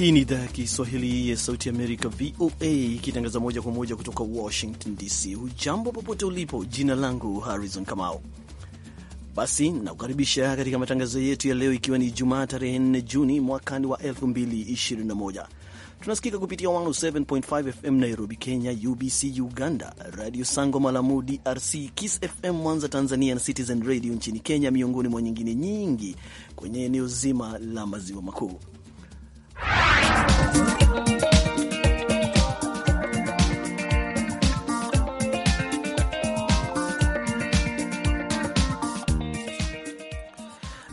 Hii ni idhaa ya Kiswahili ya Sauti Amerika, VOA, ikitangaza moja kwa moja kutoka Washington DC. Hujambo popote ulipo, jina langu Harrison Kamau. Basi nakukaribisha katika matangazo yetu ya leo, ikiwa ni Jumaa tarehe 4 Juni mwakani wa 2021. Tunasikika kupitia 107.5 FM Nairobi, Kenya, UBC Uganda, Radio Sango Malamu DRC, Kiss FM Mwanza Tanzania na Citizen Radio nchini Kenya, miongoni mwa nyingine nyingi kwenye eneo zima la maziwa makuu.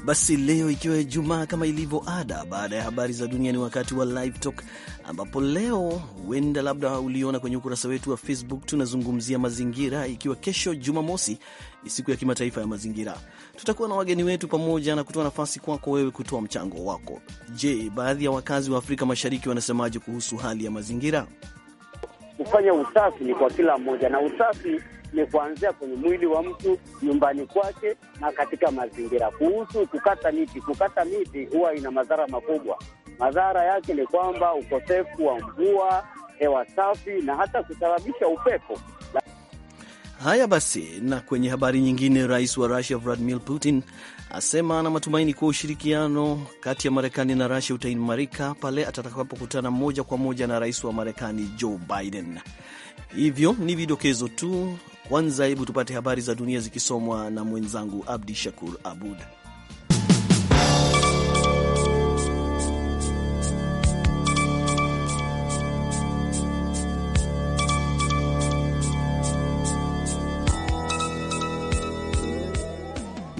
Basi leo ikiwa Ijumaa, kama ilivyo ada, baada ya habari za dunia ni wakati wa live talk, ambapo leo huenda labda uliona kwenye ukurasa wetu wa Facebook tunazungumzia mazingira, ikiwa kesho Jumamosi ni siku ya kimataifa ya mazingira. Tutakuwa na wageni wetu pamoja na kutoa nafasi kwako wewe kutoa mchango wako. Je, baadhi ya wakazi wa Afrika Mashariki wanasemaje kuhusu hali ya mazingira? Kufanya usafi ni kwa kila mmoja, na usafi ni kuanzia kwenye mwili wa mtu, nyumbani kwake na katika mazingira. Kuhusu kukata miti, kukata miti huwa ina madhara makubwa. Madhara yake ni kwamba ukosefu wa mvua, hewa safi na hata kusababisha upepo. Haya basi, na kwenye habari nyingine, rais wa Rusia Vladimir Putin asema ana matumaini kuwa ushirikiano kati ya Marekani na Rusia utaimarika pale atakapokutana moja kwa moja na rais wa Marekani Joe Biden. Hivyo ni vidokezo tu. Kwanza hebu tupate habari za dunia zikisomwa na mwenzangu Abdi Shakur Abud.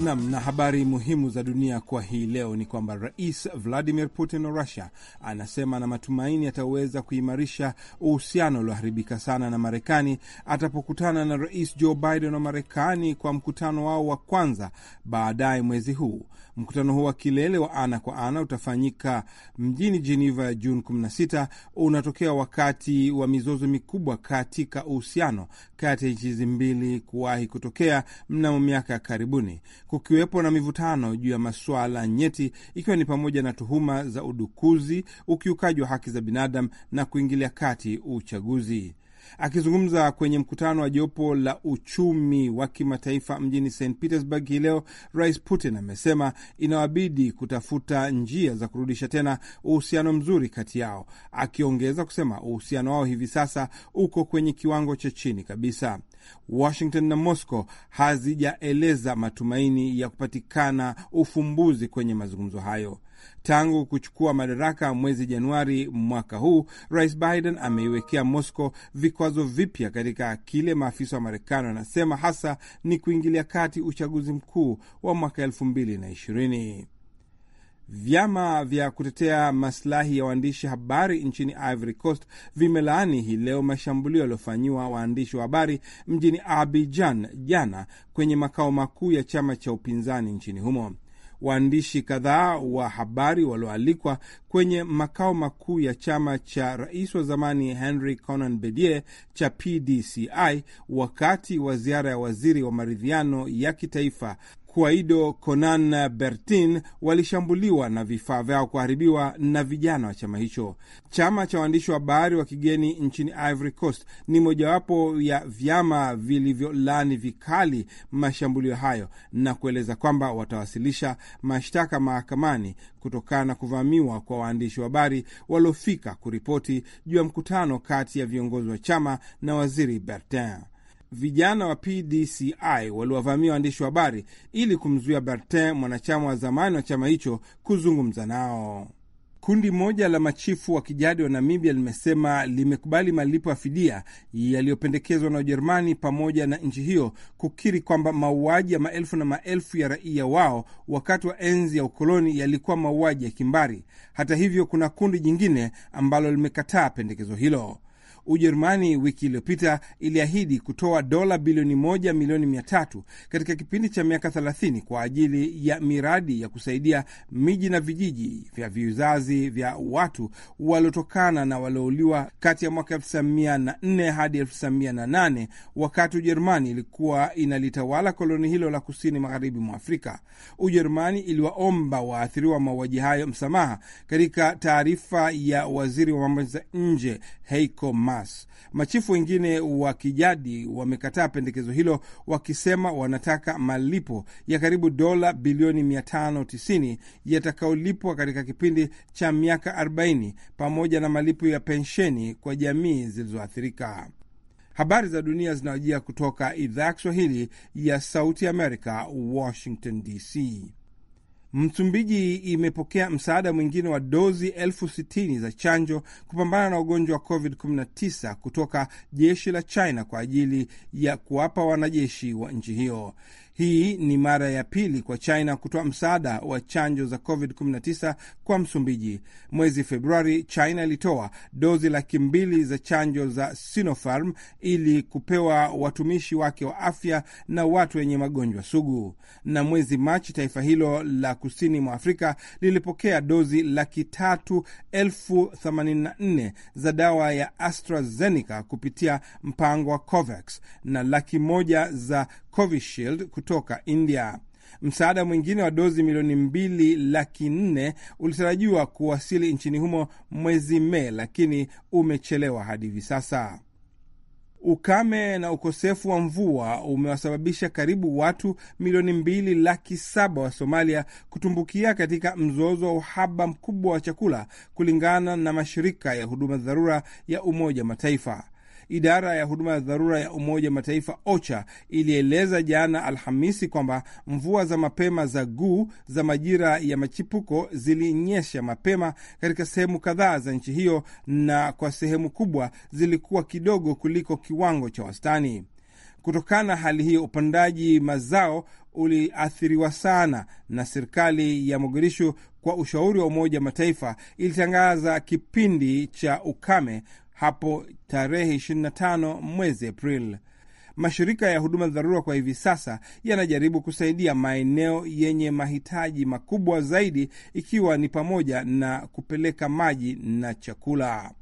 Nam, na habari muhimu za dunia kwa hii leo ni kwamba Rais Vladimir Putin wa Russia anasema na matumaini ataweza kuimarisha uhusiano ulioharibika sana na Marekani atapokutana na Rais Joe Biden wa Marekani kwa mkutano wao wa kwanza baadaye mwezi huu. Mkutano huo wa kilele wa ana kwa ana utafanyika mjini Geneva Juni 16. Unatokea wakati wa mizozo mikubwa katika uhusiano kati ya nchi hizi mbili kuwahi kutokea mnamo miaka ya karibuni, kukiwepo na mivutano juu ya masuala nyeti, ikiwa ni pamoja na tuhuma za udukuzi, ukiukaji wa haki za binadamu na kuingilia kati uchaguzi. Akizungumza kwenye mkutano wa jopo la uchumi wa kimataifa mjini St Petersburg hii leo, Rais Putin amesema inawabidi kutafuta njia za kurudisha tena uhusiano mzuri kati yao, akiongeza kusema uhusiano wao hivi sasa uko kwenye kiwango cha chini kabisa. Washington na Moscow hazijaeleza matumaini ya kupatikana ufumbuzi kwenye mazungumzo hayo. Tangu kuchukua madaraka mwezi Januari mwaka huu, Rais Biden ameiwekea Moscow vikwazo vipya katika kile maafisa wa Marekani wanasema hasa ni kuingilia kati uchaguzi mkuu wa mwaka elfu mbili na ishirini. Vyama vya kutetea masilahi ya waandishi habari nchini Ivory Coast vimelaani hii leo mashambulio yaliyofanyiwa waandishi wa habari mjini Abidjan jana kwenye makao makuu ya chama cha upinzani nchini humo waandishi kadhaa wa habari walioalikwa kwenye makao makuu ya chama cha rais wa zamani Henry Conan Bedier cha PDCI wakati wa ziara ya waziri wa maridhiano ya kitaifa Guaido Conan Bertin walishambuliwa na vifaa vyao kuharibiwa na vijana wa chama hicho. Chama cha waandishi wa habari wa kigeni nchini Ivory Coast ni mojawapo ya vyama vilivyolaani vikali mashambulio hayo na kueleza kwamba watawasilisha mashtaka mahakamani kutokana na kuvamiwa kwa waandishi wa habari waliofika kuripoti juu ya mkutano kati ya viongozi wa chama na waziri Bertin vijana wa PDCI waliwavamia waandishi wa habari ili kumzuia Bertin, mwanachama wa zamani wa chama hicho, kuzungumza nao. Kundi moja la machifu wa kijadi wa Namibia limesema limekubali malipo ya fidia yaliyopendekezwa na Ujerumani pamoja na nchi hiyo kukiri kwamba mauaji ya maelfu na maelfu ya raia wao wakati wa enzi ya ukoloni yalikuwa mauaji ya kimbari. Hata hivyo, kuna kundi jingine ambalo limekataa pendekezo hilo. Ujerumani wiki iliyopita iliahidi kutoa dola bilioni moja milioni mia tatu katika kipindi cha miaka 30 kwa ajili ya miradi ya kusaidia miji na vijiji vya vizazi vya watu waliotokana na waliouliwa kati ya mwaka 1904 hadi 1908 wakati Ujerumani ilikuwa inalitawala koloni hilo la kusini magharibi mwa Afrika. Ujerumani iliwaomba waathiriwa mauaji hayo msamaha katika taarifa ya waziri wa mambo za nje Heiko Maas Hamas. Machifu wengine wa kijadi wamekataa pendekezo hilo, wakisema wanataka malipo ya karibu dola bilioni 590 yatakayolipwa katika kipindi cha miaka 40 pamoja na malipo ya pensheni kwa jamii zilizoathirika. Habari za dunia zinawajia kutoka idhaa ya Kiswahili ya Sauti Amerika, Washington DC. Msumbiji imepokea msaada mwingine wa dozi elfu sitini za chanjo kupambana na ugonjwa wa COVID-19 kutoka jeshi la China kwa ajili ya kuwapa wanajeshi wa nchi hiyo. Hii ni mara ya pili kwa China kutoa msaada wa chanjo za COVID-19 kwa Msumbiji. Mwezi Februari, China ilitoa dozi laki mbili za chanjo za Sinopharm ili kupewa watumishi wake wa afya na watu wenye magonjwa sugu. Na mwezi Machi, taifa hilo la kusini mwa Afrika lilipokea dozi laki tatu elfu themanini na nne za dawa ya AstraZeneca kupitia mpango wa COVAX na laki moja za Covishield kutoka India. Msaada mwingine wa dozi milioni mbili laki nne ulitarajiwa kuwasili nchini humo mwezi Mei, lakini umechelewa hadi hivi sasa. Ukame na ukosefu wa mvua umewasababisha karibu watu milioni mbili laki saba wa Somalia kutumbukia katika mzozo wa uhaba mkubwa wa chakula, kulingana na mashirika ya huduma dharura ya Umoja Mataifa. Idara ya huduma ya dharura ya Umoja Mataifa OCHA ilieleza jana Alhamisi kwamba mvua za mapema za guu za majira ya machipuko zilinyesha mapema katika sehemu kadhaa za nchi hiyo, na kwa sehemu kubwa zilikuwa kidogo kuliko kiwango cha wastani. Kutokana na hali hiyo, upandaji mazao uliathiriwa sana, na serikali ya Mogadishu kwa ushauri wa Umoja Mataifa ilitangaza kipindi cha ukame hapo tarehe 25 mwezi Aprili. Mashirika ya huduma za dharura kwa hivi sasa yanajaribu kusaidia maeneo yenye mahitaji makubwa zaidi, ikiwa ni pamoja na kupeleka maji na chakula.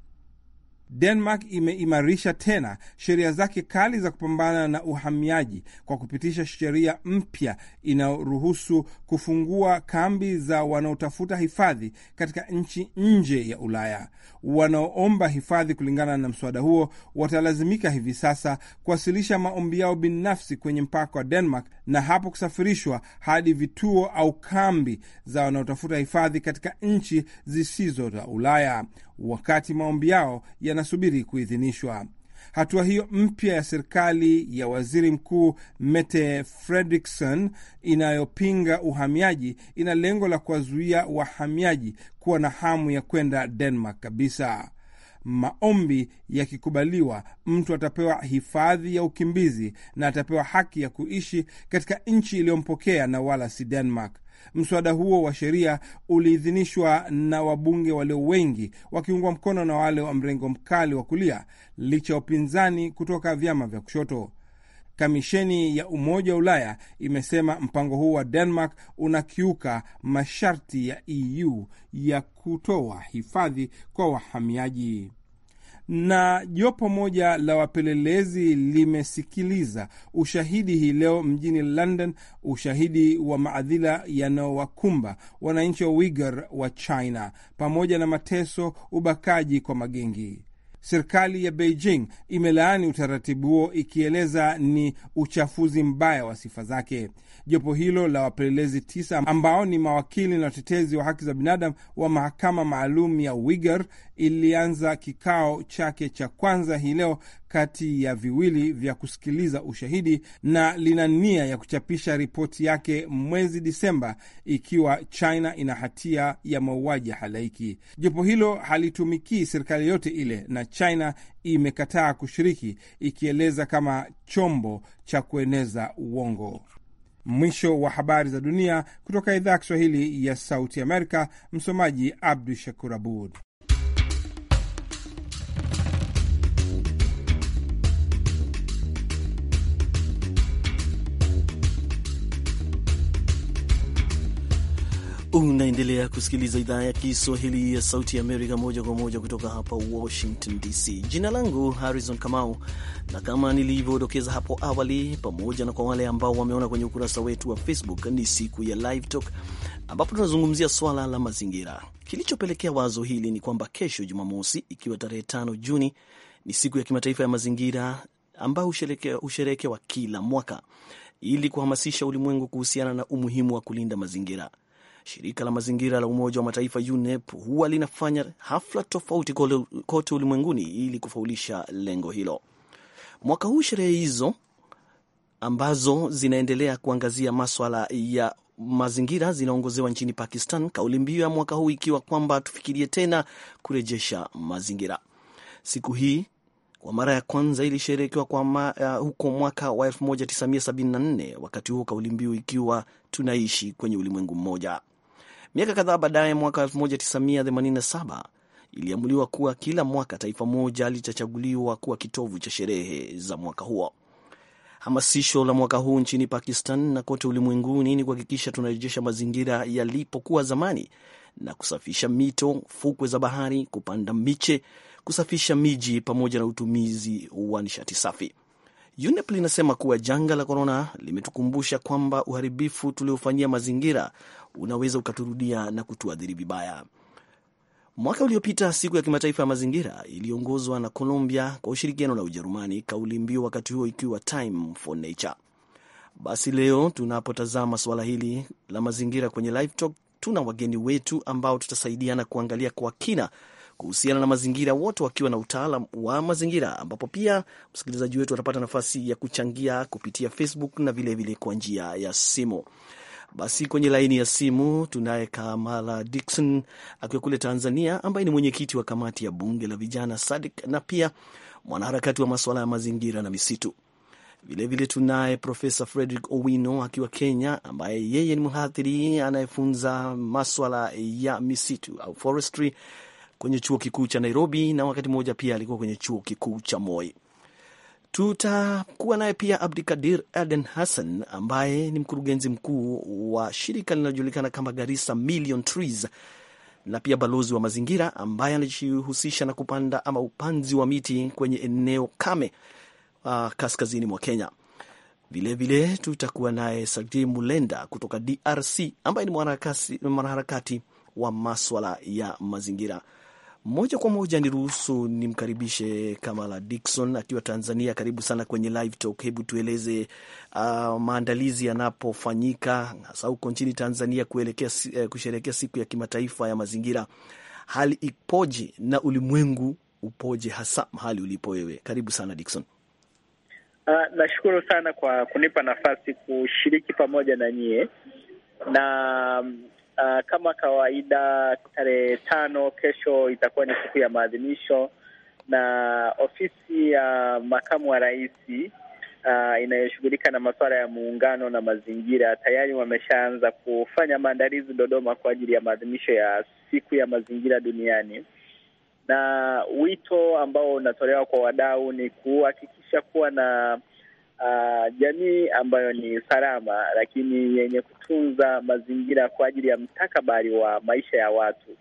Denmark imeimarisha tena sheria zake kali za kupambana na uhamiaji kwa kupitisha sheria mpya inayoruhusu kufungua kambi za wanaotafuta hifadhi katika nchi nje ya Ulaya. Wanaoomba hifadhi kulingana na mswada huo watalazimika hivi sasa kuwasilisha maombi yao binafsi kwenye mpaka wa Denmark na hapo kusafirishwa hadi vituo au kambi za wanaotafuta hifadhi katika nchi zisizo za Ulaya wakati maombi yao yanasubiri kuidhinishwa. Hatua hiyo mpya ya serikali ya waziri mkuu Mette Frederiksen inayopinga uhamiaji ina lengo la kuwazuia wahamiaji kuwa na hamu ya kwenda Denmark kabisa. Maombi yakikubaliwa, mtu atapewa hifadhi ya ukimbizi na atapewa haki ya kuishi katika nchi iliyompokea na wala si Denmark. Mswada huo wa sheria uliidhinishwa na wabunge walio wengi wakiungwa mkono na wale wa mrengo mkali wa kulia, licha ya upinzani kutoka vyama vya kushoto. Kamisheni ya Umoja wa Ulaya imesema mpango huu wa Denmark unakiuka masharti ya EU ya kutoa hifadhi kwa wahamiaji na jopo moja la wapelelezi limesikiliza ushahidi hii leo mjini London, ushahidi wa maadhila yanayowakumba wananchi wa Uighur wa China pamoja na mateso, ubakaji kwa magengi. Serikali ya Beijing imelaani utaratibu huo ikieleza ni uchafuzi mbaya wa sifa zake jopo hilo la wapelelezi tisa ambao ni mawakili na watetezi wa haki za binadamu wa mahakama maalum ya Wigar ilianza kikao chake cha kwanza hii leo kati ya viwili vya kusikiliza ushahidi na lina nia ya kuchapisha ripoti yake mwezi Disemba ikiwa China ina hatia ya mauaji ya halaiki. Jopo hilo halitumikii serikali yote ile na China imekataa kushiriki, ikieleza kama chombo cha kueneza uongo. Mwisho wa habari za dunia kutoka idhaa ya Kiswahili ya Sauti Amerika. Msomaji Abdu Shakur Abud. Unaendelea kusikiliza idhaa ya Kiswahili ya Sauti ya Amerika moja kwa moja kutoka hapa Washington DC. Jina langu Harrison Kamau, na kama nilivyodokeza hapo awali, pamoja na kwa wale ambao wameona kwenye ukurasa wetu wa Facebook, ni siku ya Live Talk ambapo tunazungumzia swala la mazingira. Kilichopelekea wazo hili ni kwamba kesho Jumamosi, ikiwa tarehe tano Juni, ni siku ya kimataifa ya mazingira ambayo husherehekewa kila mwaka ili kuhamasisha ulimwengu kuhusiana na umuhimu wa kulinda mazingira. Shirika la mazingira la Umoja wa Mataifa UNEP huwa linafanya hafla tofauti kote ulimwenguni ili kufaulisha lengo hilo. Mwaka huu sherehe hizo ambazo zinaendelea kuangazia maswala ya mazingira zinaongozewa nchini Pakistan, kauli mbiu ya mwaka huu ikiwa kwamba tufikirie tena kurejesha mazingira. Siku hii kwa mara ya kwanza ilisherekewa kwa ma, uh, huko mwaka wa 1974 wakati huo kauli mbiu ikiwa tunaishi kwenye ulimwengu mmoja. Miaka kadhaa baadaye, mwaka 1987 iliamuliwa kuwa kila mwaka taifa moja litachaguliwa kuwa kitovu cha sherehe za mwaka huo. Hamasisho la mwaka huu nchini Pakistan na kote ulimwenguni ni kuhakikisha tunarejesha mazingira yalipokuwa zamani na kusafisha mito, fukwe za bahari, kupanda miche, kusafisha miji pamoja na utumizi wa nishati safi. UNEP linasema kuwa janga la korona limetukumbusha kwamba uharibifu tuliofanyia mazingira unaweza ukaturudia na kutuathiri vibaya. Mwaka uliopita siku ya kimataifa ya mazingira iliongozwa na Colombia kwa ushirikiano na Ujerumani, kauli mbiu wakati huo ikiwa Time for Nature. Basi leo tunapotazama suala hili la mazingira kwenye Live Talk, tuna wageni wetu ambao tutasaidiana kuangalia kwa kina kuhusiana na mazingira, wote wakiwa na utaalam wa mazingira, ambapo pia msikilizaji wetu atapata nafasi ya kuchangia kupitia Facebook na vilevile kwa njia ya simu. Basi kwenye laini ya simu tunaye Kamala Dikson akiwa kule Tanzania, ambaye ni mwenyekiti wa kamati ya bunge la vijana SADC na pia mwanaharakati wa masuala ya mazingira na misitu. Vilevile tunaye Profesa Frederick Owino akiwa Kenya, ambaye yeye ni mhadhiri anayefunza maswala ya misitu au forestry kwenye chuo kikuu cha Nairobi na wakati mmoja pia alikuwa kwenye chuo kikuu cha Moi. Tutakuwa naye pia Abdikadir Aden Hassan ambaye ni mkurugenzi mkuu wa shirika linalojulikana kama Garissa Million Trees na pia balozi wa mazingira ambaye anajihusisha na kupanda ama upanzi wa miti kwenye eneo kame uh, kaskazini mwa Kenya. Vilevile tutakuwa naye Sagdi Mulenda kutoka DRC ambaye ni mwanaharakati wa maswala ya mazingira. Moja kwa moja ni ni nimkaribishe Kamala Dikson akiwa Tanzania. Karibu sana kwenye Live Talk. Hebu tueleze uh, maandalizi yanapofanyika hasa huko nchini Tanzania kuelekea uh, kusherehekea siku ya kimataifa ya mazingira, hali ipoje na ulimwengu upoje, hasa mahali ulipo wewe? Karibu sana Dikson. Uh, nashukuru sana kwa kunipa nafasi kushiriki pamoja na nyie na Uh, kama kawaida tarehe tano kesho itakuwa ni siku ya maadhimisho, na ofisi ya uh, makamu wa rais uh, inayoshughulika na masuala ya muungano na mazingira tayari wameshaanza kufanya maandalizi Dodoma kwa ajili ya maadhimisho ya siku ya mazingira duniani, na wito ambao unatolewa kwa wadau ni kuhakikisha kuwa na uh, jamii ambayo ni salama, lakini yenye kutunza mazingira kwa ajili ya mstakabali wa maisha ya watu.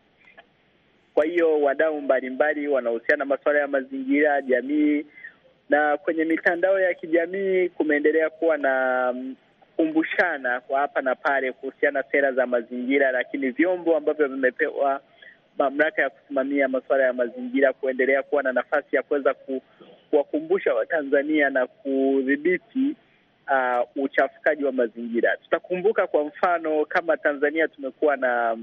Kwa hiyo wadau mbalimbali wanahusiana na masuala ya mazingira, jamii na kwenye mitandao ya kijamii kumeendelea kuwa na kukumbushana mm, kwa hapa na pale kuhusiana sera za mazingira, lakini vyombo ambavyo vimepewa mamlaka ya kusimamia masuala ya mazingira kuendelea kuwa na nafasi ya kuweza kuwakumbusha Watanzania na kudhibiti uh, uchafukaji wa mazingira. Tutakumbuka kwa mfano, kama Tanzania tumekuwa na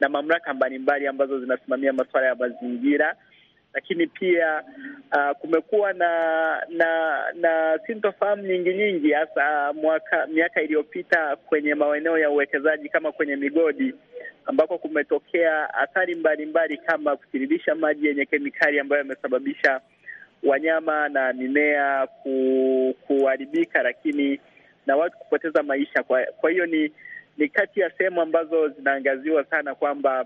na mamlaka mbalimbali ambazo zinasimamia masuala ya mazingira, lakini pia uh, kumekuwa na na na sintofahamu nyingi nyingi, hasa mwaka miaka iliyopita kwenye maeneo ya uwekezaji kama kwenye migodi ambako kumetokea athari mbalimbali kama kutiririsha maji yenye kemikali ambayo yamesababisha wanyama na mimea ku, kuharibika, lakini na watu kupoteza maisha. Kwa, kwa hiyo ni ni kati ya sehemu ambazo zinaangaziwa sana kwamba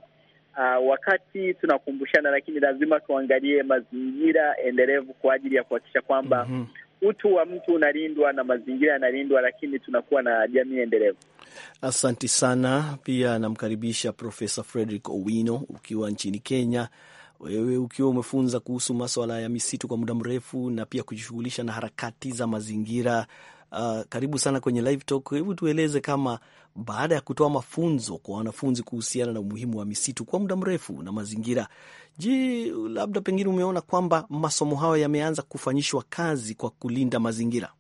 uh, wakati tunakumbushana, lakini lazima tuangalie mazingira endelevu kwa ajili ya kuhakikisha kwamba mm -hmm utu wa mtu unalindwa na mazingira yanalindwa, lakini tunakuwa na jamii endelevu. Asanti sana. Pia namkaribisha Profesa Frederick Owino ukiwa nchini Kenya, wewe ukiwa umefunza kuhusu maswala ya misitu kwa muda mrefu na pia kujishughulisha na harakati za mazingira Uh, karibu sana kwenye live talk. Hebu tueleze kama baada ya kutoa mafunzo kwa wanafunzi kuhusiana na umuhimu wa misitu kwa muda mrefu na mazingira, je, labda pengine umeona kwamba masomo hayo yameanza kufanyishwa kazi kwa kulinda mazingira?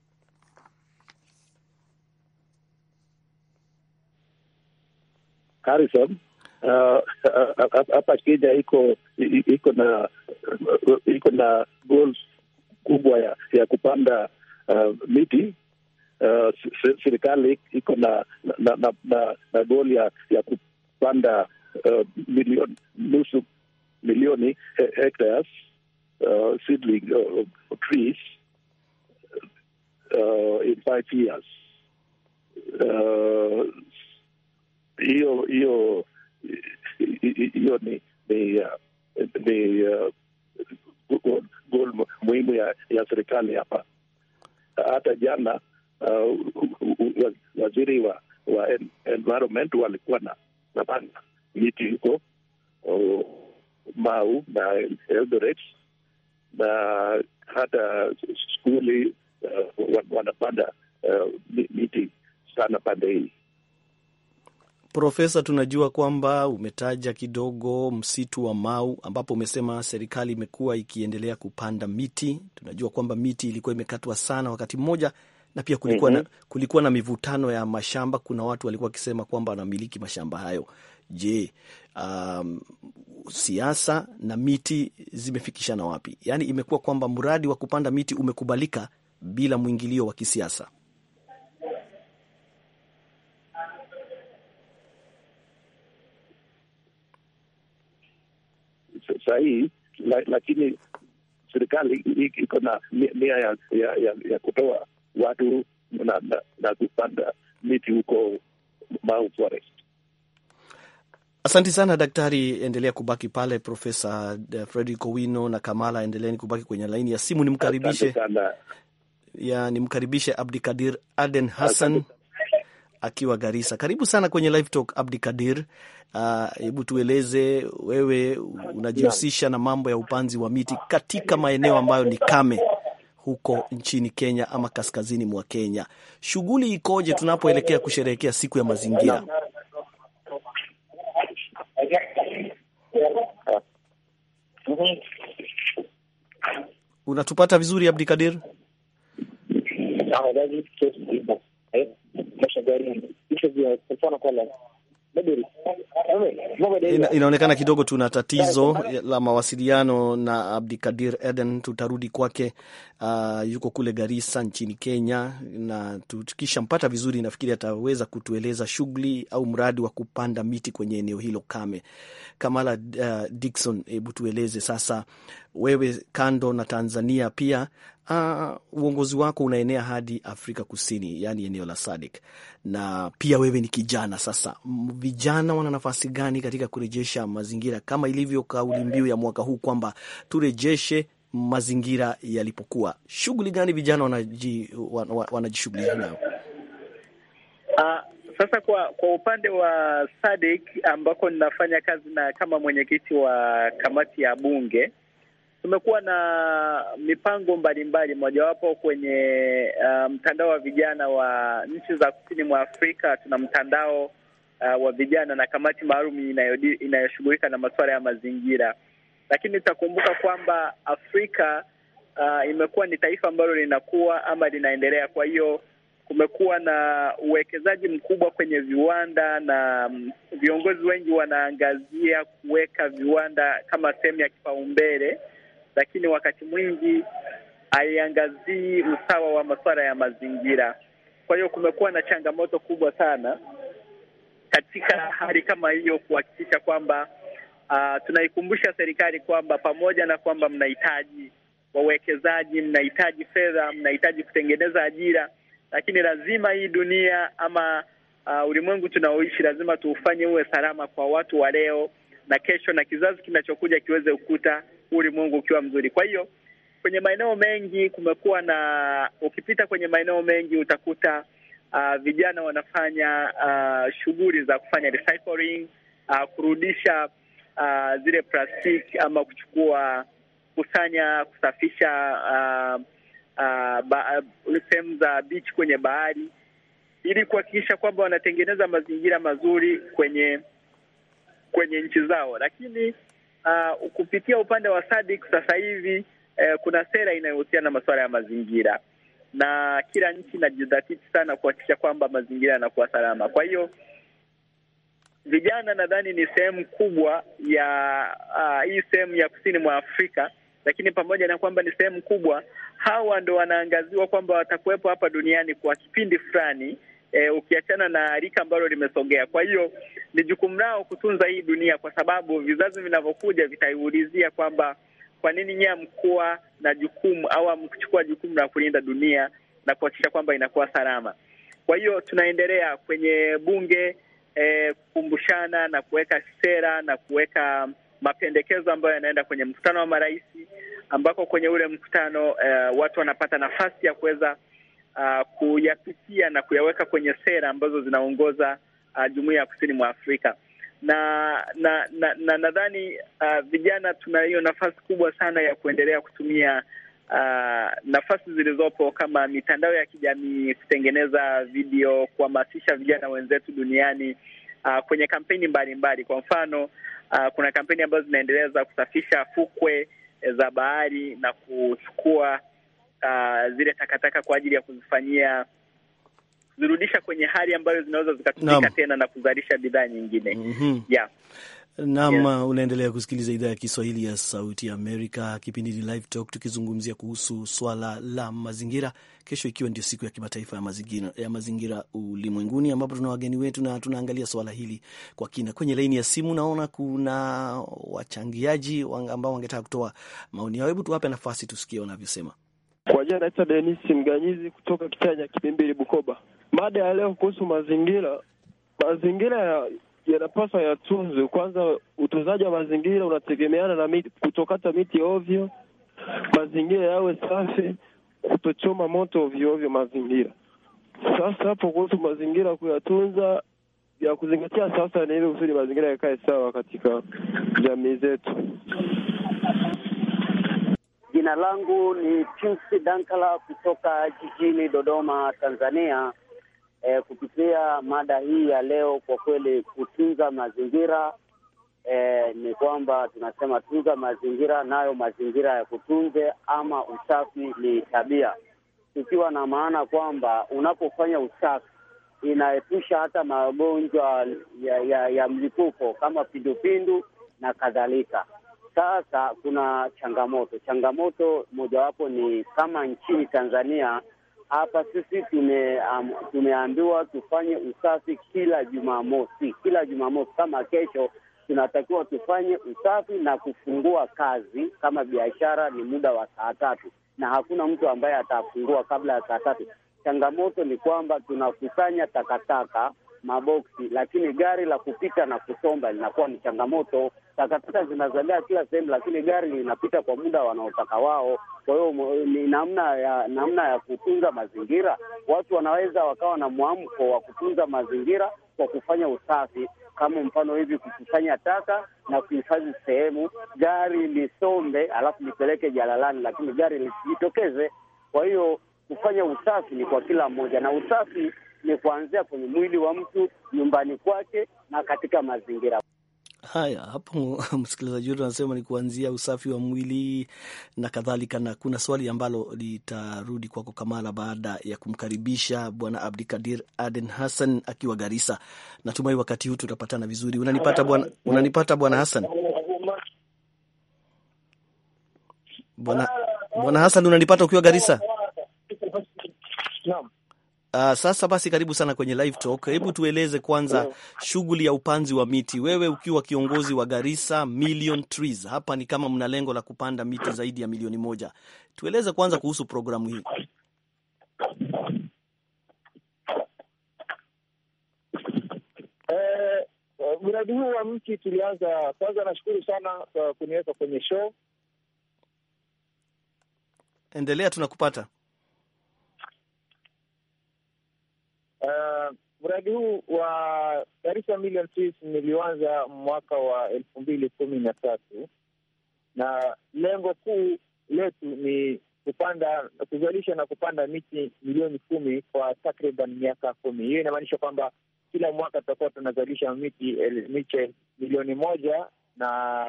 Harrison, uh, uh, hapa uh, Kenya iko iko na iko na goals kubwa ya, ya kupanda uh, miti uh, serikali iko na na, na, na, na goli ya, ya kupanda uh, eh, milioni, nusu milioni hectares uh, seedling uh, trees uh, in five years hiyo hiyo hiyo ni ni, ni uh, goal muhimu ya, ya serikali hapa. Hata jana uh, waziri wa, wa environment walikuwa na napanga miti huko uh, Mau na Eldoret na hata skuli uh, wanapanda uh, miti sana pande hii. Profesa, tunajua kwamba umetaja kidogo msitu wa Mau ambapo umesema serikali imekuwa ikiendelea kupanda miti. Tunajua kwamba miti ilikuwa imekatwa sana wakati mmoja na pia kulikuwa, mm -hmm. na, mhm. kulikuwa na mivutano ya mashamba. Kuna watu walikuwa wakisema kwamba wanamiliki mashamba hayo. Je, um, siasa na miti zimefikishana wapi? Yaani imekuwa kwamba mradi wa kupanda miti umekubalika bila mwingilio wa kisiasa. Sahihi, lakini serikali iko na nia ya, ya, ya, ya kutoa watu na, na, na kupanda miti huko Mount Forest. sana daktari, endelea kubaki pale. Profesa Fredrick Owino na Kamala, endeleeni kubaki kwenye laini ya simu. Nimkaribishe ya nimkaribishe Abdikadir Aden Hassan akiwa Garissa. Karibu sana kwenye Live Talk Abdikadir. Ah, hebu uh, tueleze wewe unajihusisha na mambo ya upanzi wa miti katika maeneo ambayo ni kame huko nchini Kenya ama kaskazini mwa Kenya. Shughuli ikoje tunapoelekea kusherehekea siku ya mazingira? Unatupata vizuri Abdikadir? Ah, Ina, inaonekana kidogo tuna tatizo la mawasiliano na Abdikadir Eden. Tutarudi kwake, uh, yuko kule Garissa nchini Kenya, na tukishampata vizuri, nafikiri ataweza kutueleza shughuli au mradi wa kupanda miti kwenye eneo hilo kame. Kamala uh, ah, Dikson, hebu tueleze sasa, wewe kando na Tanzania pia uh, uongozi wako unaenea hadi Afrika Kusini, yani eneo la SADC, na pia wewe ni kijana. Sasa vijana wana nafasi gani katika kurejesha mazingira kama ilivyo kauli mbiu ya mwaka huu kwamba turejeshe mazingira yalipokuwa? Shughuli gani vijana wanajishughulisha nayo? Ah, sasa kwa kwa upande wa SADC ambako ninafanya kazi na kama mwenyekiti wa kamati ya bunge tumekuwa na mipango mbalimbali, mojawapo kwenye uh, mtandao wa vijana wa nchi za kusini mwa Afrika. Tuna mtandao uh, wa vijana na kamati maalum inayoshughulika na masuala ya mazingira, lakini tutakumbuka kwamba Afrika uh, imekuwa ni taifa ambalo linakuwa ama linaendelea, kwa hiyo kumekuwa na uwekezaji mkubwa kwenye viwanda na um, viongozi wengi wanaangazia kuweka viwanda kama sehemu ya kipaumbele lakini wakati mwingi haiangazii usawa wa masuala ya mazingira. Kwa hiyo kumekuwa na changamoto kubwa sana katika hali kama hiyo, kuhakikisha kwamba uh, tunaikumbusha serikali kwamba pamoja na kwamba mnahitaji wawekezaji, mnahitaji fedha, mnahitaji kutengeneza ajira, lakini lazima hii dunia ama uh, ulimwengu tunaoishi lazima tuufanye uwe salama kwa watu wa leo na kesho na kizazi kinachokuja kiweze ukuta ulimwengu ukiwa mzuri. Kwa hiyo kwenye maeneo mengi kumekuwa na, ukipita kwenye maeneo mengi utakuta uh, vijana wanafanya uh, shughuli za kufanya recycling, uh, kurudisha uh, zile plastiki ama kuchukua kusanya kusafisha uh, uh, sehemu za beach kwenye bahari ili kuhakikisha kwamba wanatengeneza mazingira mazuri kwenye kwenye nchi zao, lakini uh, kupitia upande wa SADC sasa hivi eh, kuna sera inayohusiana na masuala ya mazingira na kila nchi inajidhatiti sana kuhakikisha kwamba mazingira yanakuwa salama. Kwa hiyo vijana nadhani ni sehemu kubwa ya uh, hii sehemu ya kusini mwa Afrika, lakini pamoja na kwamba ni sehemu kubwa, hawa ndo wanaangaziwa kwamba watakuwepo hapa duniani kwa kipindi fulani e, ukiachana na rika ambalo limesogea. Kwa hiyo ni jukumu lao kutunza hii dunia, kwa sababu vizazi vinavyokuja vitaiulizia kwamba kwa nini nyie amkuwa na jukumu au amchukua jukumu la kulinda dunia na kuhakikisha kwamba inakuwa salama. Kwa hiyo tunaendelea kwenye bunge e, kukumbushana na kuweka sera na kuweka mapendekezo ambayo yanaenda kwenye mkutano wa marais ambako kwenye ule mkutano e, watu wanapata nafasi ya kuweza uh, kuyapitia na kuyaweka kwenye sera ambazo zinaongoza uh, jumuiya ya kusini mwa Afrika na na na nadhani na uh, vijana tuna hiyo nafasi kubwa sana ya kuendelea kutumia uh, nafasi zilizopo kama mitandao ya kijamii, kutengeneza video, kuhamasisha vijana wenzetu duniani uh, kwenye kampeni mbalimbali. Kwa mfano uh, kuna kampeni ambazo zinaendelea za kusafisha fukwe eh, za bahari na kuchukua uh, zile takataka kwa ajili ya kuzifanyia zirudisha kwenye hali ambayo zinaweza zikatumika tena na kuzalisha bidhaa nyingine. mm -hmm. yeah. Naam, yeah. Uh, unaendelea kusikiliza idhaa ya Kiswahili ya Sauti ya Amerika. Kipindi ni Live Talk, tukizungumzia kuhusu swala la mazingira, kesho ikiwa ndio siku ya kimataifa ya mazingira, ya mazingira ulimwenguni, ambapo tuna wageni wetu na tunaangalia swala hili kwa kina. Kwenye laini ya simu naona kuna wachangiaji ambao wangetaka kutoa maoni yao. Hebu tuwape nafasi tusikie wanavyosema. Kwa jina naitwa Denis Mganyizi kutoka Kitanya Kibimbili, Bukoba. Mada ya leo kuhusu mazingira. Mazingira yanapaswa yatunzwe. Kwanza, utunzaji wa mazingira unategemeana na miti, kutokata miti ovyo, mazingira yawe safi, kutochoma moto ovyo ovyo mazingira. Sasa hapo kuhusu mazingira kuyatunza, ya kuzingatia sasa ni ili kusudi mazingira yakae sawa katika jamii zetu. Jina langu ni Pius Dankala kutoka jijini Dodoma, Tanzania. E, kupitia mada hii ya leo, kwa kweli kutunza mazingira e, ni kwamba tunasema tunza mazingira nayo mazingira ya kutunze, ama usafi ni tabia, ikiwa na maana kwamba unapofanya usafi inaepusha hata magonjwa ya, ya, ya mlipuko kama pindupindu na kadhalika sasa kuna changamoto. Changamoto mojawapo ni kama nchini Tanzania hapa sisi tume, um, tumeambiwa tufanye usafi kila Jumamosi, kila Jumamosi kama kesho tunatakiwa tufanye usafi na kufungua kazi kama biashara ni muda wa saa tatu, na hakuna mtu ambaye atafungua kabla ya saa tatu. Changamoto ni kwamba tunakusanya takataka maboksi, lakini gari la kupita na kusomba linakuwa ni changamoto. Takataka zinazagaa kila sehemu, lakini gari linapita kwa muda wanaotaka wao. Kwa hiyo ni namna ya namna ya kutunza mazingira. Watu wanaweza wakawa na mwamko wa kutunza mazingira kwa kufanya usafi, kama mfano hivi kukusanya taka na kuhifadhi sehemu, gari lisombe alafu lipeleke jalalani, lakini gari lisijitokeze. Kwa hiyo kufanya usafi ni kwa kila mmoja, na usafi ni kuanzia kwenye mwili wa mtu nyumbani kwake na katika mazingira haya. Hapo msikilizaji wetu anasema ni kuanzia usafi wa mwili na kadhalika, na kuna swali ambalo litarudi kwako Kamala baada ya kumkaribisha Bwana Abdikadir Aden Hassan akiwa Garisa. Natumai wakati huu tutapatana vizuri. Unanipata bwana, unanipata Bwana Hassan? Bwana Hassan, unanipata ukiwa Garisa? Naam. Uh, sasa basi karibu sana kwenye live talk. Hebu tueleze kwanza shughuli ya upanzi wa miti, wewe ukiwa kiongozi wa Garissa Million Trees. Hapa ni kama mna lengo la kupanda miti zaidi ya milioni moja. Tueleze kwanza kuhusu programu hii. Eh, mradi huu wa mti tulianza kwanza, nashukuru sana kwa kuniweka kwenye show. Endelea, tunakupata. Eh, mradi uh, huu wa Garissa Million Trees mwaka wa elfu mbili kumi na tatu na lengo kuu letu ni kupanda kuzalisha na kupanda miti milioni kumi kwa takriban miaka kumi. Hiyo inamaanisha kwamba kila mwaka tutakuwa tunazalisha miti eh, miche milioni moja na